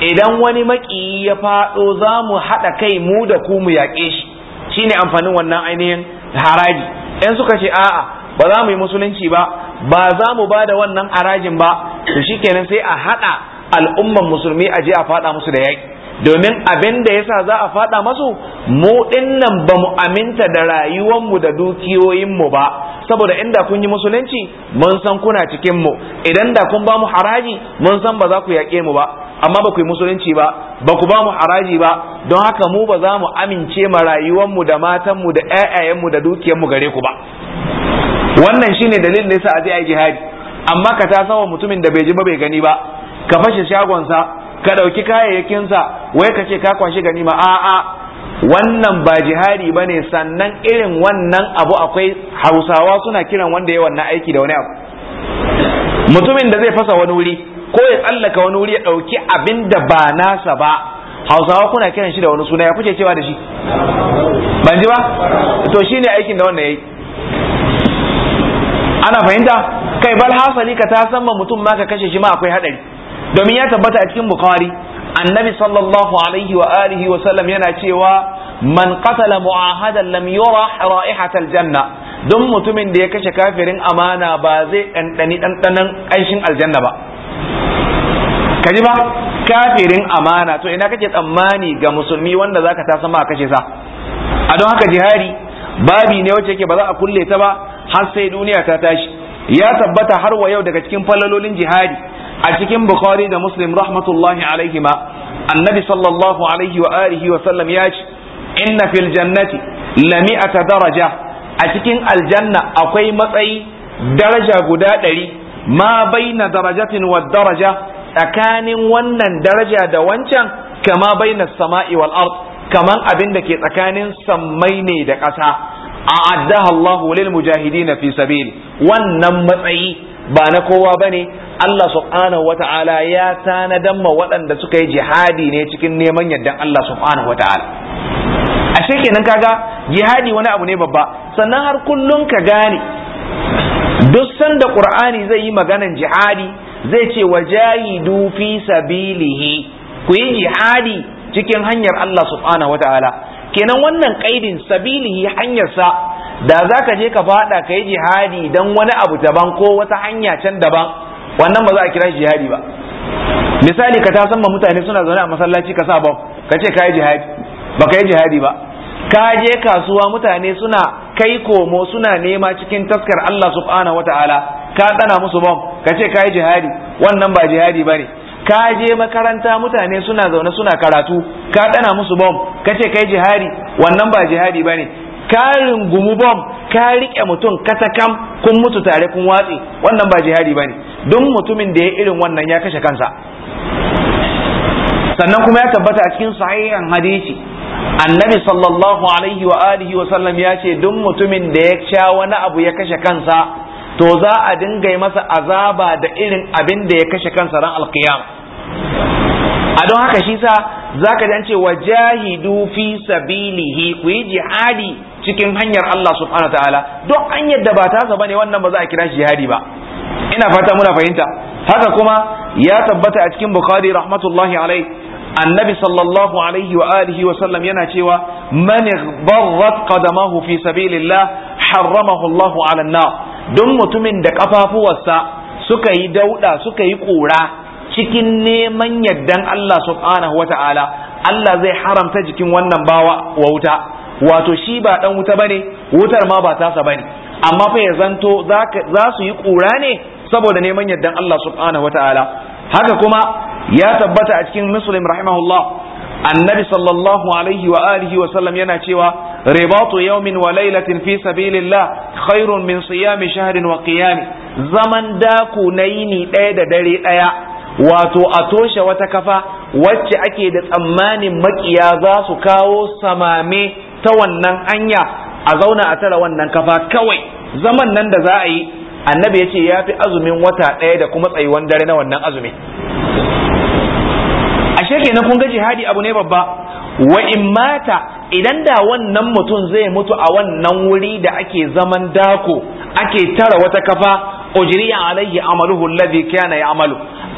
idan wani maƙiyi ya faɗo za mu haɗa kai mu da ku mu yaƙe shi shi ne amfanin wannan ainihin haraji Yan suka ce a'a ba za mu yi musulunci ba ba za mu ba da wannan harajin ba to shikenan sai a haɗa al'umman musulmi a je a faɗa musu da yaƙi. domin abin da yasa za a fada masu mu dinnan ba mu aminta da mu da dukiyoyinmu ba saboda inda kun yi musulunci mun san kuna cikin mu idan da kun ba mu haraji mun san ba za ku yaƙe mu ba amma ba ku yi musulunci ba ba ku ba mu haraji ba don haka mu ba za mu amince ma rayuwanmu da matanmu da ƴaƴayenmu da mu gare ku ba wannan shine dalilin da yasa a je ai jihadi amma ka ta sawa mutumin da bai ji ba bai gani ba ka fashe shagonsa ka ɗauki kayayyakinsa wai ka ce ka kwashi ganima a'a wannan ba jihari ba ne sannan irin wannan abu akwai hausawa suna kiran wanda ya wannan aiki da wani abu mutumin da zai fasa wani wuri ko ya tsallaka wani wuri ya ɗauki abin da ba nasa ba hausawa kuna kiran shi da wani suna ya kuke cewa da shi ban ji ba to shi ne aikin da wannan ya yi ana fahimta kai bal hasali ka ta san mutum ma ka kashe shi ma akwai haɗari. domin ya tabbata a cikin bukari annabi sallallahu alaihi wa alihi wa sallam yana cewa man qatala mu'ahadan lam yura ra'ihatal janna don mutumin da ya kashe kafirin amana ba zai ɗanɗani ɗanɗanan ƙanshin aljanna ba kaji ba kafirin amana to ina kake tsammani ga musulmi wanda zaka ta sama a kashe sa a don haka jihari babi ne wacce yake ba za a kulle ta ba har sai duniya ta tashi ya tabbata har wa yau daga cikin falalolin jihadi a cikin bukhari da muslim rahmatullahi alaihima annabi sallallahu alaihi wa wa sallam ya ce inna fil jannati lami'ata daraja a cikin aljanna akwai matsayi daraja guda ɗari ma baina darajatin wa daraja tsakanin wannan daraja da wancan kama baina sama'i wal ard kaman abin da ke tsakanin sammai ne da ƙasa a'addaha Allahu lil mujahidin fi sabil wannan matsayi ba na kowa ba ne Allah subhanahu wata'ala ya tanadan ma waɗanda suka yi jihadi ne cikin neman yardan Allah subhanahu wata'ala a kenan kaga jihadi wani abu ne babba sannan har kullum ka gane duk sanda ƙur'ani zai yi maganan jihadi zai ce wajahidu fi sabilihi ku yi jihadi cikin hanyar Allah subhanahu wata'ala kenan wannan kaidin sabilihi hanyarsa da za ka je ka fada ka yi jihadi don wani abu daban ko wata hanya can daban wannan ba za a kira jihadi ba misali ka san ma mutane suna zaune a masallaci ka sa bom ka ce ka yi jihadi ba ka yi jihadi ba ka je kasuwa mutane suna kai komo suna nema cikin taskar Allah subhanahu wataala ka tsana musu bom ka ce ka yi jihadi wannan ba jihadi ba ne ka je makaranta mutane suna zaune suna karatu ka dana musu bom ka ce kai jihadi wannan ba jihadi ba ne karin gumu bom ka rike mutum katakam kun mutu tare kun watsi wannan ba jihadi bane don mutumin da ya irin wannan ya kashe kansa sannan kuma ya tabbata a cikin sahihan hadisi annabi sallallahu alaihi wa alihi wa sallam ya ce duk mutumin da ya sha wani abu ya kashe kansa to za a dinga masa azaba da irin abin da ya kashe kansa ran alqiyam a don haka shi sa zaka ji wa ce wajahidu fi sabilihi ku yi jihadi cikin hanyar Allah subhanahu ta'ala don an yadda ba ta haka bane wannan ba za a kira shi jihadi ba ina fata muna fahimta haka kuma ya tabbata a cikin bukhari rahmatullahi alai annabi sallallahu alaihi wa alihi wa sallam yana cewa man barrat qadamahu fi sabilillah harramahu Allahu ala nar don mutumin da kafafuwarsa suka yi dauda suka yi kura cikin neman yardan Allah subhanahu wa ta'ala Allah zai haramta jikin wannan bawa wa wuta wato shi ba dan wuta bane wutar ma ba tasa bane amma fa ya zanto za su yi kura ne saboda neman yardan Allah subhanahu wataala haka kuma ya tabbata a cikin muslim rahimahullah annabi sallallahu alaihi wa alihi wa sallam yana cewa ribatu yawmin wa lailatin fi sabilillah khairun min siyami shahrin wa qiyami zaman daku na yini ɗaya da dare ɗaya wato a toshe wata kafa wacce ake da tsammanin makiya za su kawo samame ta wannan anya a zauna a tara wannan kafa kawai zaman nan da za a yi annabi ya ce ya fi azumin wata ɗaya da kuma tsayuwan dare na wannan azumi a na kun ga jihadi abu ne babba wa in mata idan da wannan mutum zai mutu a wannan wuri da ake zaman dako ake tara wata kafa ujriya alayhi amaluhu alladhi kana ya'malu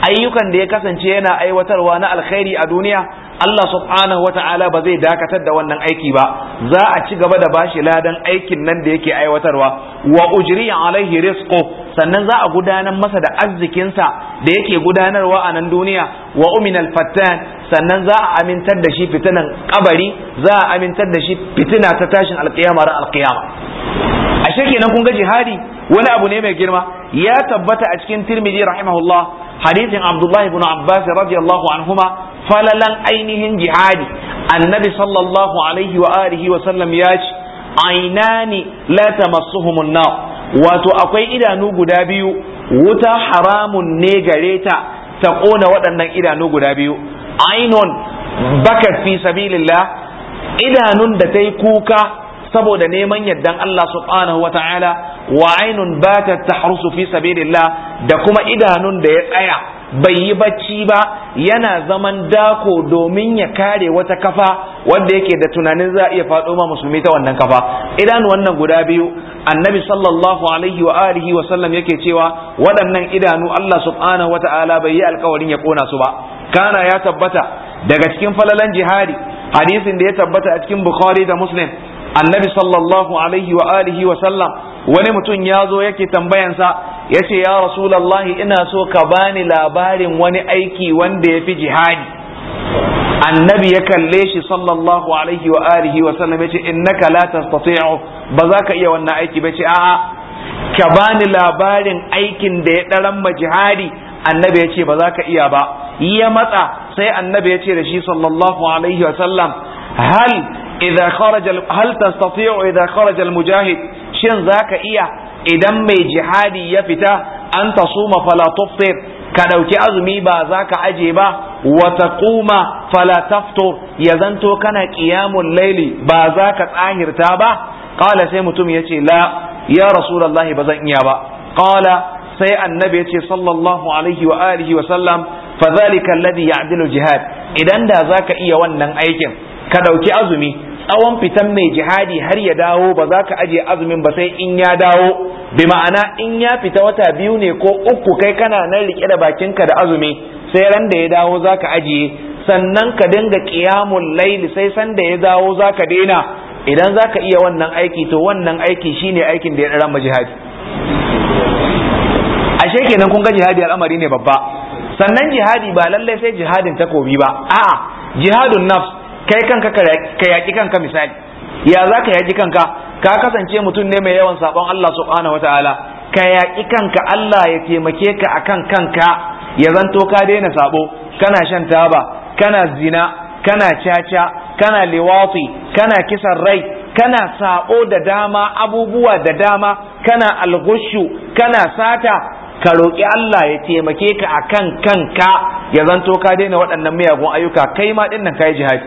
ayyukan da ya kasance yana aiwatarwa na alkhairi a duniya Allah subhanahu wa ta'ala ba zai dakatar da wannan aiki ba za a ci gaba da bashi ladan aikin nan da yake aiwatarwa wa ujri alaihi rizqu sannan za a gudanar masa da arzikinsa da yake gudanarwa a nan duniya wa uminal fattan sannan za a amintar da shi fitinan kabari za a amintar da shi fitina ta tashin alqiyama ran alqiyama. A kenan kun ga jihadi wani abu ne mai girma ya tabbata a cikin tirmidhi rahimahullah hadisin abdullahi ibn abbas radiyallahu anhuma falalan ainihin jihadi annabi sallallahu alaihi wa alihi wa sallam ya ce ainani la tamassuhumun nar wato akwai idanu guda biyu wuta haramun ne gare ta ta kona waɗannan idanu guda biyu ainun baka fi sabilillah idanun da ta yi kuka saboda neman yardan Allah subhanahu wa ta'ala wa ainun bakat tahrusu fi sabilillah da kuma idanun da ya tsaya bai yi bacci ba yana zaman dako domin ya kare wata kafa wanda yake da tunanin za a iya faɗo ma musulmi ta wannan kafa idan wannan guda biyu annabi sallallahu alaihi wa alihi wa sallam yake cewa waɗannan idanu Allah subhanahu wa ta'ala bai yi alkawarin ya kona su ba kana ya tabbata daga cikin falalan jihadi hadisin da ya tabbata a cikin bukhari da muslim annabi sallallahu alaihi wa alihi wa sallam wani mutum ya zo yake tambayansa ya ce ya rasulallahi ina so ka bani labarin wani aiki wanda ya fi jihadi annabi ya kalle shi sallallahu alaihi wa alihi wa sallam ya ce innaka la tastati'u ba za ka iya wannan aiki ba ce a'a ka bani labarin aikin da ya daran ma jihadi annabi ya ce ba za ka iya ba ya matsa sai annabi ya ce da shi sallallahu alaihi wa sallam hal idza kharaja hal tastati'u idza kharaja al mujahid shin zaka iya idan mai jihadi ya fita an tasuma fala tuftir ka ɗauki azumi ba za ka aje ba wata kuma fala ya zanto kana ƙiyamun laili ba za ka tsahirta ba Ƙala sai mutum yace la ya rasulallah ba zan iya ba Ƙala sai annabi yace sallallahu alaihi wa alihi wa sallam fa zalika alladhi ya'dilu jihad idan da zaka iya wannan aikin ka ɗauki azumi tsawon fitan mai jihadi har ya dawo ba za ka ajiye azumin ba sai in ya dawo bi ma'ana in ya fita wata biyu ne ko uku kai kana nan rike da bakin ka da azumi sai ran da ya dawo za ka ajiye sannan ka dinga qiyamul laili sai san da ya dawo za ka daina idan za ka iya wannan aiki to wannan aiki shine aikin da ya dara ma jihadi ashe kenan kun ga jihadi al'amari ne babba sannan jihadi ba lallai sai jihadin takobi ba a'a jihadun nafs kai kanka ka yaki kanka misali ya za ka yaki kanka ka kasance mutum ne mai yawan saɓon Allah subhanahu wataala ka yaki kanka Allah ya taimake ka akan kanka ya zanto ka daina sabo kana shan taba kana zina kana caca kana liwati kana kisan rai kana saɓo da dama abubuwa da dama kana algushu kana sata ka roƙi Allah ya taimake ka akan kanka ya zanto ka daina waɗannan miyagun ayyuka kai ma ɗin nan kai jihadi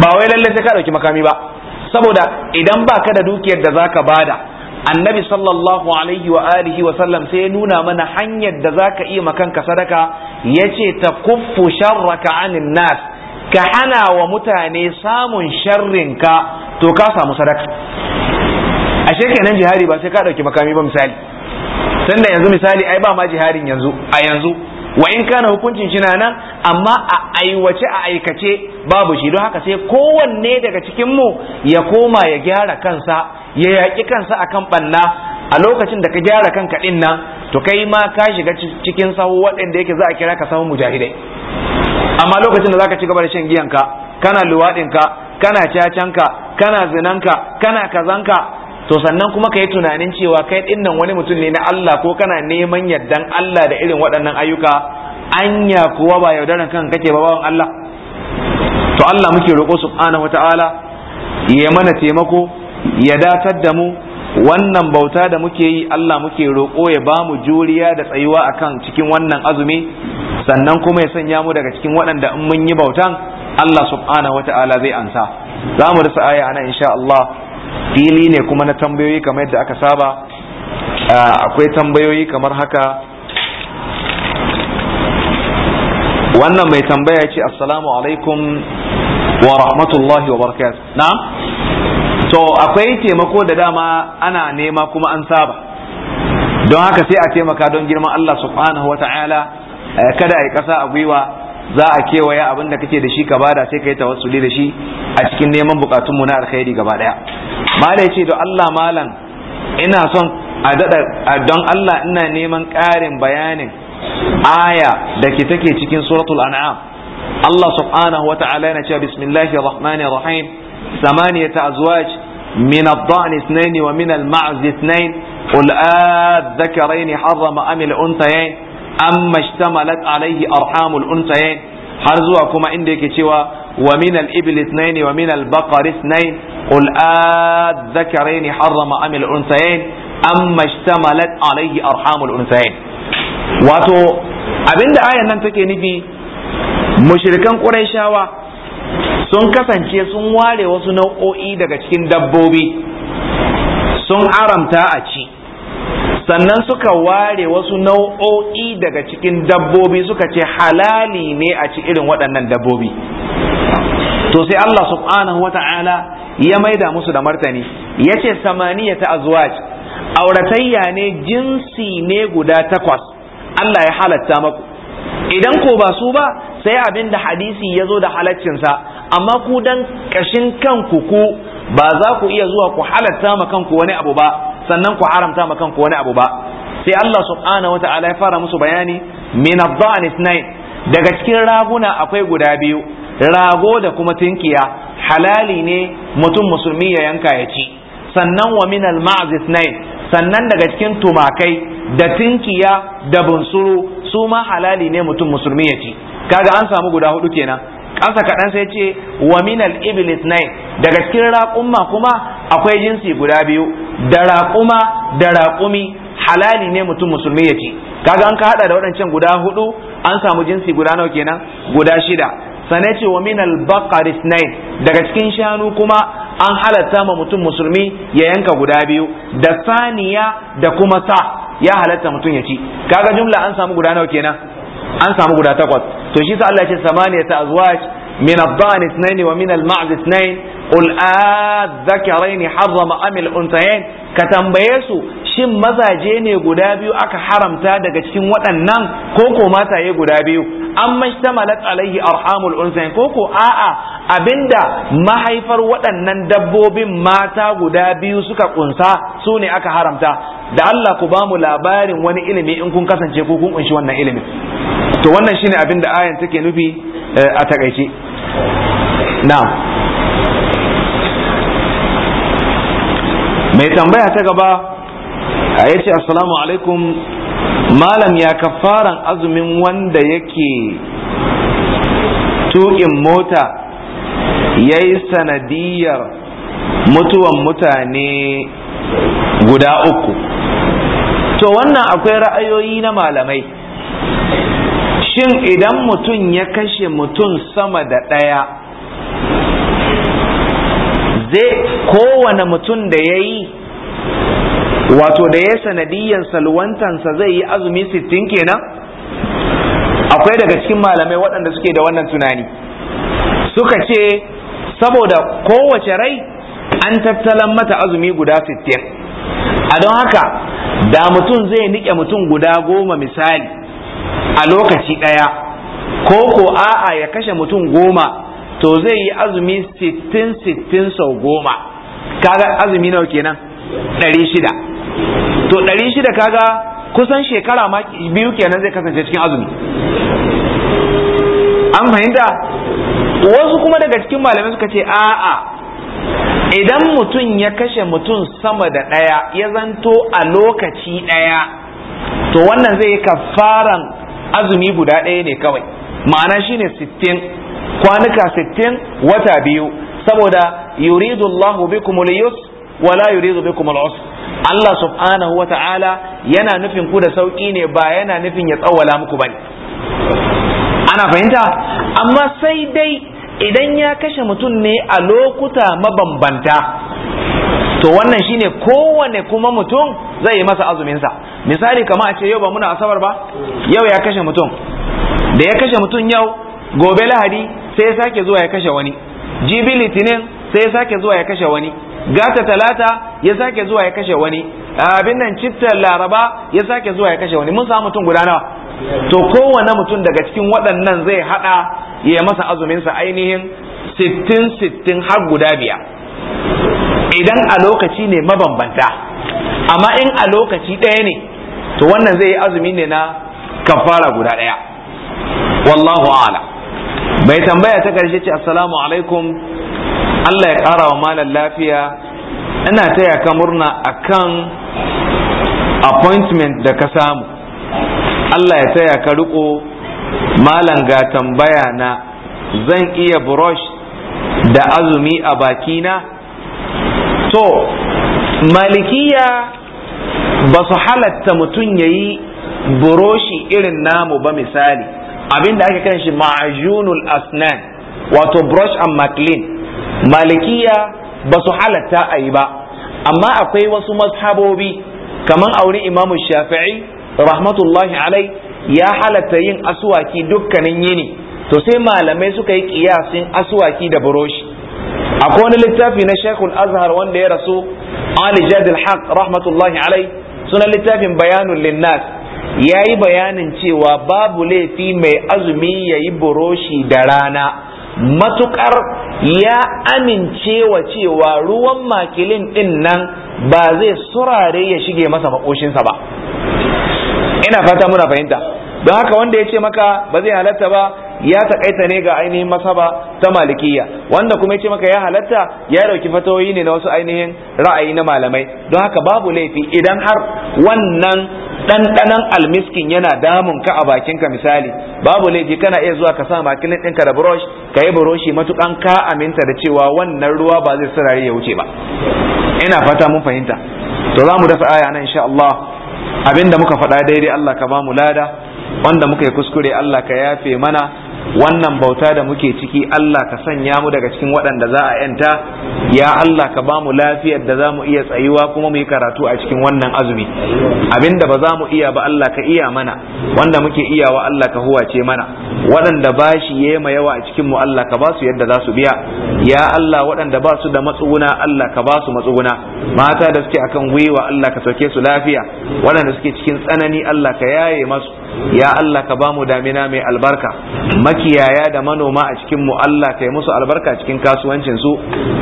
ba wai lallai sai ka dauki makami ba saboda idan ba ka da dukiyar da zaka bada annabi sallallahu alaihi wa alihi wa sallam sai ya nuna mana hanyar da zaka iya kanka sadaka yace ta kuffu sharraka anin nas ka hana wa mutane samun sharrin ka to ka samu sadaka ashe kenan jihari ba sai ka dauki makami ba misali tunda yanzu misali ai ba ma jiharin yanzu a yanzu wa in kana hukuncin shi nan amma a aiwace a aikace babu shi don haka sai kowanne daga cikin mu ya koma ya gyara kansa ya yaƙi kansa akan banna a lokacin da ka gyara kanka din nan to kai ma ka shiga cikin sahu waɗanda yake za a kira ka sahu mujahidai amma lokacin da zaka ci gaba da shan giyanka kana luwaɗinka kana cacanka kana zinanka kana kazanka to sannan kuma ka yi tunanin cewa kai ɗinnan nan wani mutum ne na Allah ko kana neman yardan Allah da irin waɗannan ayyuka anya kuwa ba yaudaran kan kake ba bawan Allah to Allah muke roƙo subhanahu wata'ala ya mana taimako ya datar da mu wannan bauta da muke yi Allah muke roƙo ya ba mu juriya da tsayuwa akan cikin wannan azumi sannan kuma ya sanya mu daga cikin waɗanda in mun yi bautan Allah subhanahu wata'ala zai ansa za mu rasa aya ana insha Allah fili ne kuma na tambayoyi kamar yadda aka saba akwai tambayoyi kamar haka wannan mai tambaya ce assalamu alaikum wa rahmatullahi wa barakatuh na'am to akwai taimako da dama ana nema kuma an saba don haka sai a taimaka don girman Allah subhanahu wa ta'ala kada a yi ƙasa a gwiwa za a kewaye abin da kake da shi ka bada sai ka yi tawassuli da shi a cikin neman bukatunmu na alkhairi gaba daya mala ya ce da Allah malam ina son a daɗa don Allah ina neman ƙarin bayanin aya da ke take cikin suratul an'am Allah subhanahu wa yana cewa bismillahir rahmanir rahim ثمانية أزواج من الضأن اثنين ومن المعز اثنين قل آذكرين حرم أم har zuwa kuma inda yake cewa wa min al-ibli ithnayn wa min al-baqari ithnayn qul adh-dhakarayn harrama am al-unthayayn amma ishtamalat alayhi arhamul unthayayn wato abinda ayan nan take nufi mushrikan quraishawa sun kasance sun ware wasu nau'o'i daga cikin dabbobi sun aramta a ci sannan suka ware wasu nau'o'i daga cikin dabbobi suka ce halali ne a ci irin waɗannan dabbobi to sai Allah subhanahu wa ta'ala ya maida musu da martani ya ce samaniya ta azwaj auratayya ne jinsi ne guda takwas Allah ya halatta maku idan ko ba su ba sai abinda hadisi ya zo da halaccinsa amma ku dan kashin kanku ku ba za ku iya zuwa ku halatta ma kanku wani abu ba sannan ku haramta ma kanku wani abu ba sai Allah subhanahu wa ta'ala ya fara musu bayani min ad-dha'n ithnain daga cikin raguna akwai guda biyu rago da kuma tinkiya halali ne mutum musulmi ya yanka ya ci sannan wa min al-ma'z ithnain sannan daga cikin tumakai da tinkiya da bunsuru su ma halali ne mutum musulmi ya ci kaga an samu guda hudu kenan ƙasa kaɗan sai ce wa min al-iblis daga cikin raƙumma kuma akwai jinsi guda biyu da raƙuma da raƙumi halali ne mutum musulmi ya ci kaga an ka hada da waɗancan guda hudu an samu jinsi guda nawa kenan guda shida sane ce wa min al-baqar daga cikin shanu kuma an halatta ma mutum musulmi ya yanka guda biyu da saniya da kuma sa ya halatta mutum ya ci kaga jumla an samu guda nawa kenan an samu guda takwas to shi sa Allah ya ce samaniya ta azwaj min ad-dhan wa min al-ma'z qul adh-dhakarayn harrama am al ka tambaye su shin mazaje ne guda biyu aka haramta daga cikin waɗannan ko ko mataye guda biyu an mashtamalat alaihi arhamul unsayin ko ko a'a abinda mahaifar waɗannan dabbobin mata guda biyu suka kunsa su ne aka haramta da Allah ku ba mu labarin wani ilimi in kun kasance ko kun ƙunshi wannan ilimin to wannan shine abin da ayan take nufi eh, a takaice na'am mai tambaya ta gaba a ya ce assalamu alaikum malam ya kafaran azumin wanda yake tuƙin mota ya yi sanadiyar mutuwan mutane guda uku to wannan akwai ra'ayoyi na malamai shin idan mutum ya kashe mutum sama da ɗaya zai kowane mutum da ya yi wato da ya sanadiyan salwantansa zai yi azumi sittin kenan akwai daga cikin malamai waɗanda suke da wannan tunani suka ce saboda kowace rai an tattalan mata azumi guda sittin a don haka da mutum zai niƙe mutum guda goma misali a lokaci ɗaya ko ko a'a ya kashe mutum goma to zai yi azumi sittin sittin sau goma kaga azumi nawa kenan ɗari shida to ɗari shida kaga kusan shekara ma biyu kenan zai kasance cikin azumi an fahimta wasu kuma daga cikin malamai suka ce a'a idan mutum ya kashe mutum sama da ɗaya ya zanto a lokaci ɗaya to wannan zai yi kafaran azumi guda ɗaya ne kawai ma'ana shine sittin kwanuka sittin wata biyu saboda yuridu Allahu bikum al wa la yuridu bikum al Allah subhanahu wa ta'ala yana nufin ku da sauki ne ba yana nufin ya tsawwala muku bane ana fahimta amma sai dai idan ya kashe mutum ne a lokuta mabambanta to wannan shine kowane kuma mutum zai yi masa azuminsa misali kamar a ce yau ba muna asabar ba yau ya kashe mutum da ya kashe mutum yau gobe lahadi sai ya sake zuwa ya kashe wani jibi litinin sai ya sake zuwa ya kashe wani gata talata ya sake zuwa ya kashe wani abin nan citta laraba ya sake zuwa ya kashe wani mun samu mutum guda nawa to kowane mutum daga cikin waɗannan zai haɗa ya masa azumin sa ainihin sittin sittin har guda biya idan a lokaci ne mabambanta amma in a lokaci ɗaya ne to wannan zai yi azumi ne na kafara guda ɗaya wallahu a'lam mai tambaya ta karshe ce assalamu alaikum Allah ya ƙara wa malam lafiya ina taya ka murna akan appointment da ka samu Allah ya taya ka riko malam ga tambaya na zan iya brush da azumi a bakina to malikiya ba su halatta mutum ya yi buroshi irin namu ba misali abinda ake kiran shi ma'ajunul asnan wato brush and maclean malikiya ba su halatta a yi ba amma akwai wasu mazhabobi kamar aure imamu shafi'i rahmatullahi alai ya halatta yin asuwaki dukkanin yini to sai malamai suka yi kiyasin asuwaki da buroshi akwai wani littafi na shekul azhar wanda ya rasu ali jadil haq rahmatullahi alai suna littafin bayanun linnas ya yi bayanin cewa babu laifi mai azumi ya yi buroshi da rana matukar ya amincewa cewa ruwan makilin din nan ba zai surare ya shige masa makoshinsa ba ina fata muna fahimta don haka wanda ya ce maka ba zai halatta ba ya takaita ne ga ainihin masaba ta malikiya wanda kuma ya ce maka ya halatta ya dauki fatoyi ne na wasu ainihin ra'ayi na malamai don haka babu laifi idan har wannan ɗanɗanan almiskin yana damun ka a bakin ka misali babu laifi kana iya zuwa ka sa makilin ɗinka da brush ka yi buroshi matukan ka aminta da cewa wannan ruwa ba zai sarari ya wuce ba ina fata mun fahimta to za mu dafa aya nan insha Allah abinda muka faɗa daidai Allah ka ba mu lada wanda muka yi kuskure Allah ka yafe mana wannan bauta da muke ciki Allah ka sanya mu daga cikin waɗanda za a yanta ya Allah ka ba mu lafiyar da za mu iya tsayuwa kuma mu yi karatu a cikin wannan azumi abinda ba za mu iya ba Allah ka iya mana wanda muke iya wa Allah ka ce mana waɗanda ba bashi yema yawa a cikin mu Allah ka ba su yadda za su biya ya Allah waɗanda ba su da matsuguna Allah ka ba su matsuguna mata da suke akan gwiwa Allah ka sauke su lafiya waɗanda suke cikin tsanani Allah ka yaye masu ya Allah ka ba mu damina mai albarka makiyaya da manoma a cikin mu Allah kai musu albarka cikin kasuwancin su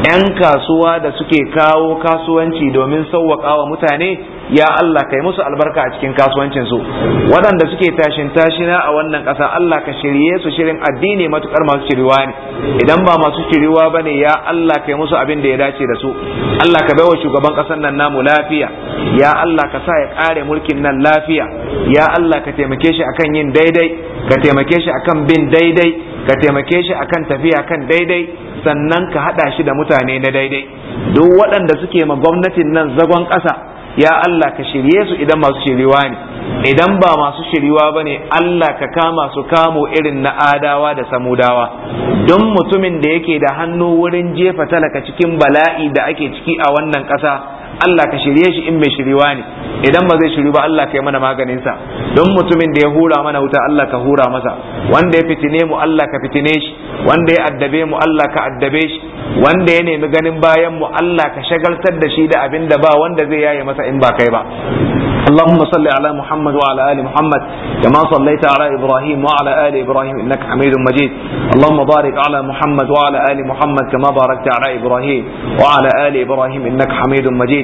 'yan kasuwa da suke kawo kasuwanci domin sauwaƙa wa mutane ya Allah kai musu albarka a cikin kasuwancin su waɗanda suke tashin tashina a wannan ƙasa Allah ka shirye su shirin addini matukar masu shiriwa ne idan ba masu shiriwa ne. ya Allah kai musu abin da ya dace da su Allah ka bai wa shugaban ƙasar nan namu lafiya ya Allah ka sa ya kare mulkin nan lafiya ya Allah ka taimake shi akan yin daidai ka taimake shi akan bin daidai ka taimake shi akan tafiya kan daidai sannan ka haɗa shi da mutane na daidai duk waɗanda suke ma gwamnatin nan zagon ƙasa ya Allah ka shirye su idan masu shiriwa ne idan ba masu shiriwa ba ne Allah ka kama su kamo irin na adawa da samudawa don mutumin da yake da hannu wurin jefa talaka cikin bala'i da ake ciki a wannan ƙasa Allah ka shirye shi in mai shiriwa ne idan ba zai shiri ba Allah ka yi mana maganin sa don mutumin da ya hura mana wuta Allah ka hura masa wanda ya fitine mu Allah ka fitine shi wanda ya addabe mu Allah ka addabe shi wanda ya nemi ganin bayan mu Allah ka shagaltar da shi da abin da ba wanda zai yaye masa in ba kai ba اللهم صل على محمد وعلى ال محمد كما صليت على ابراهيم وعلى ال ابراهيم انك حميد مجيد اللهم بارك على محمد وعلى ال محمد كما باركت على ابراهيم وعلى ال ابراهيم انك حميد مجيد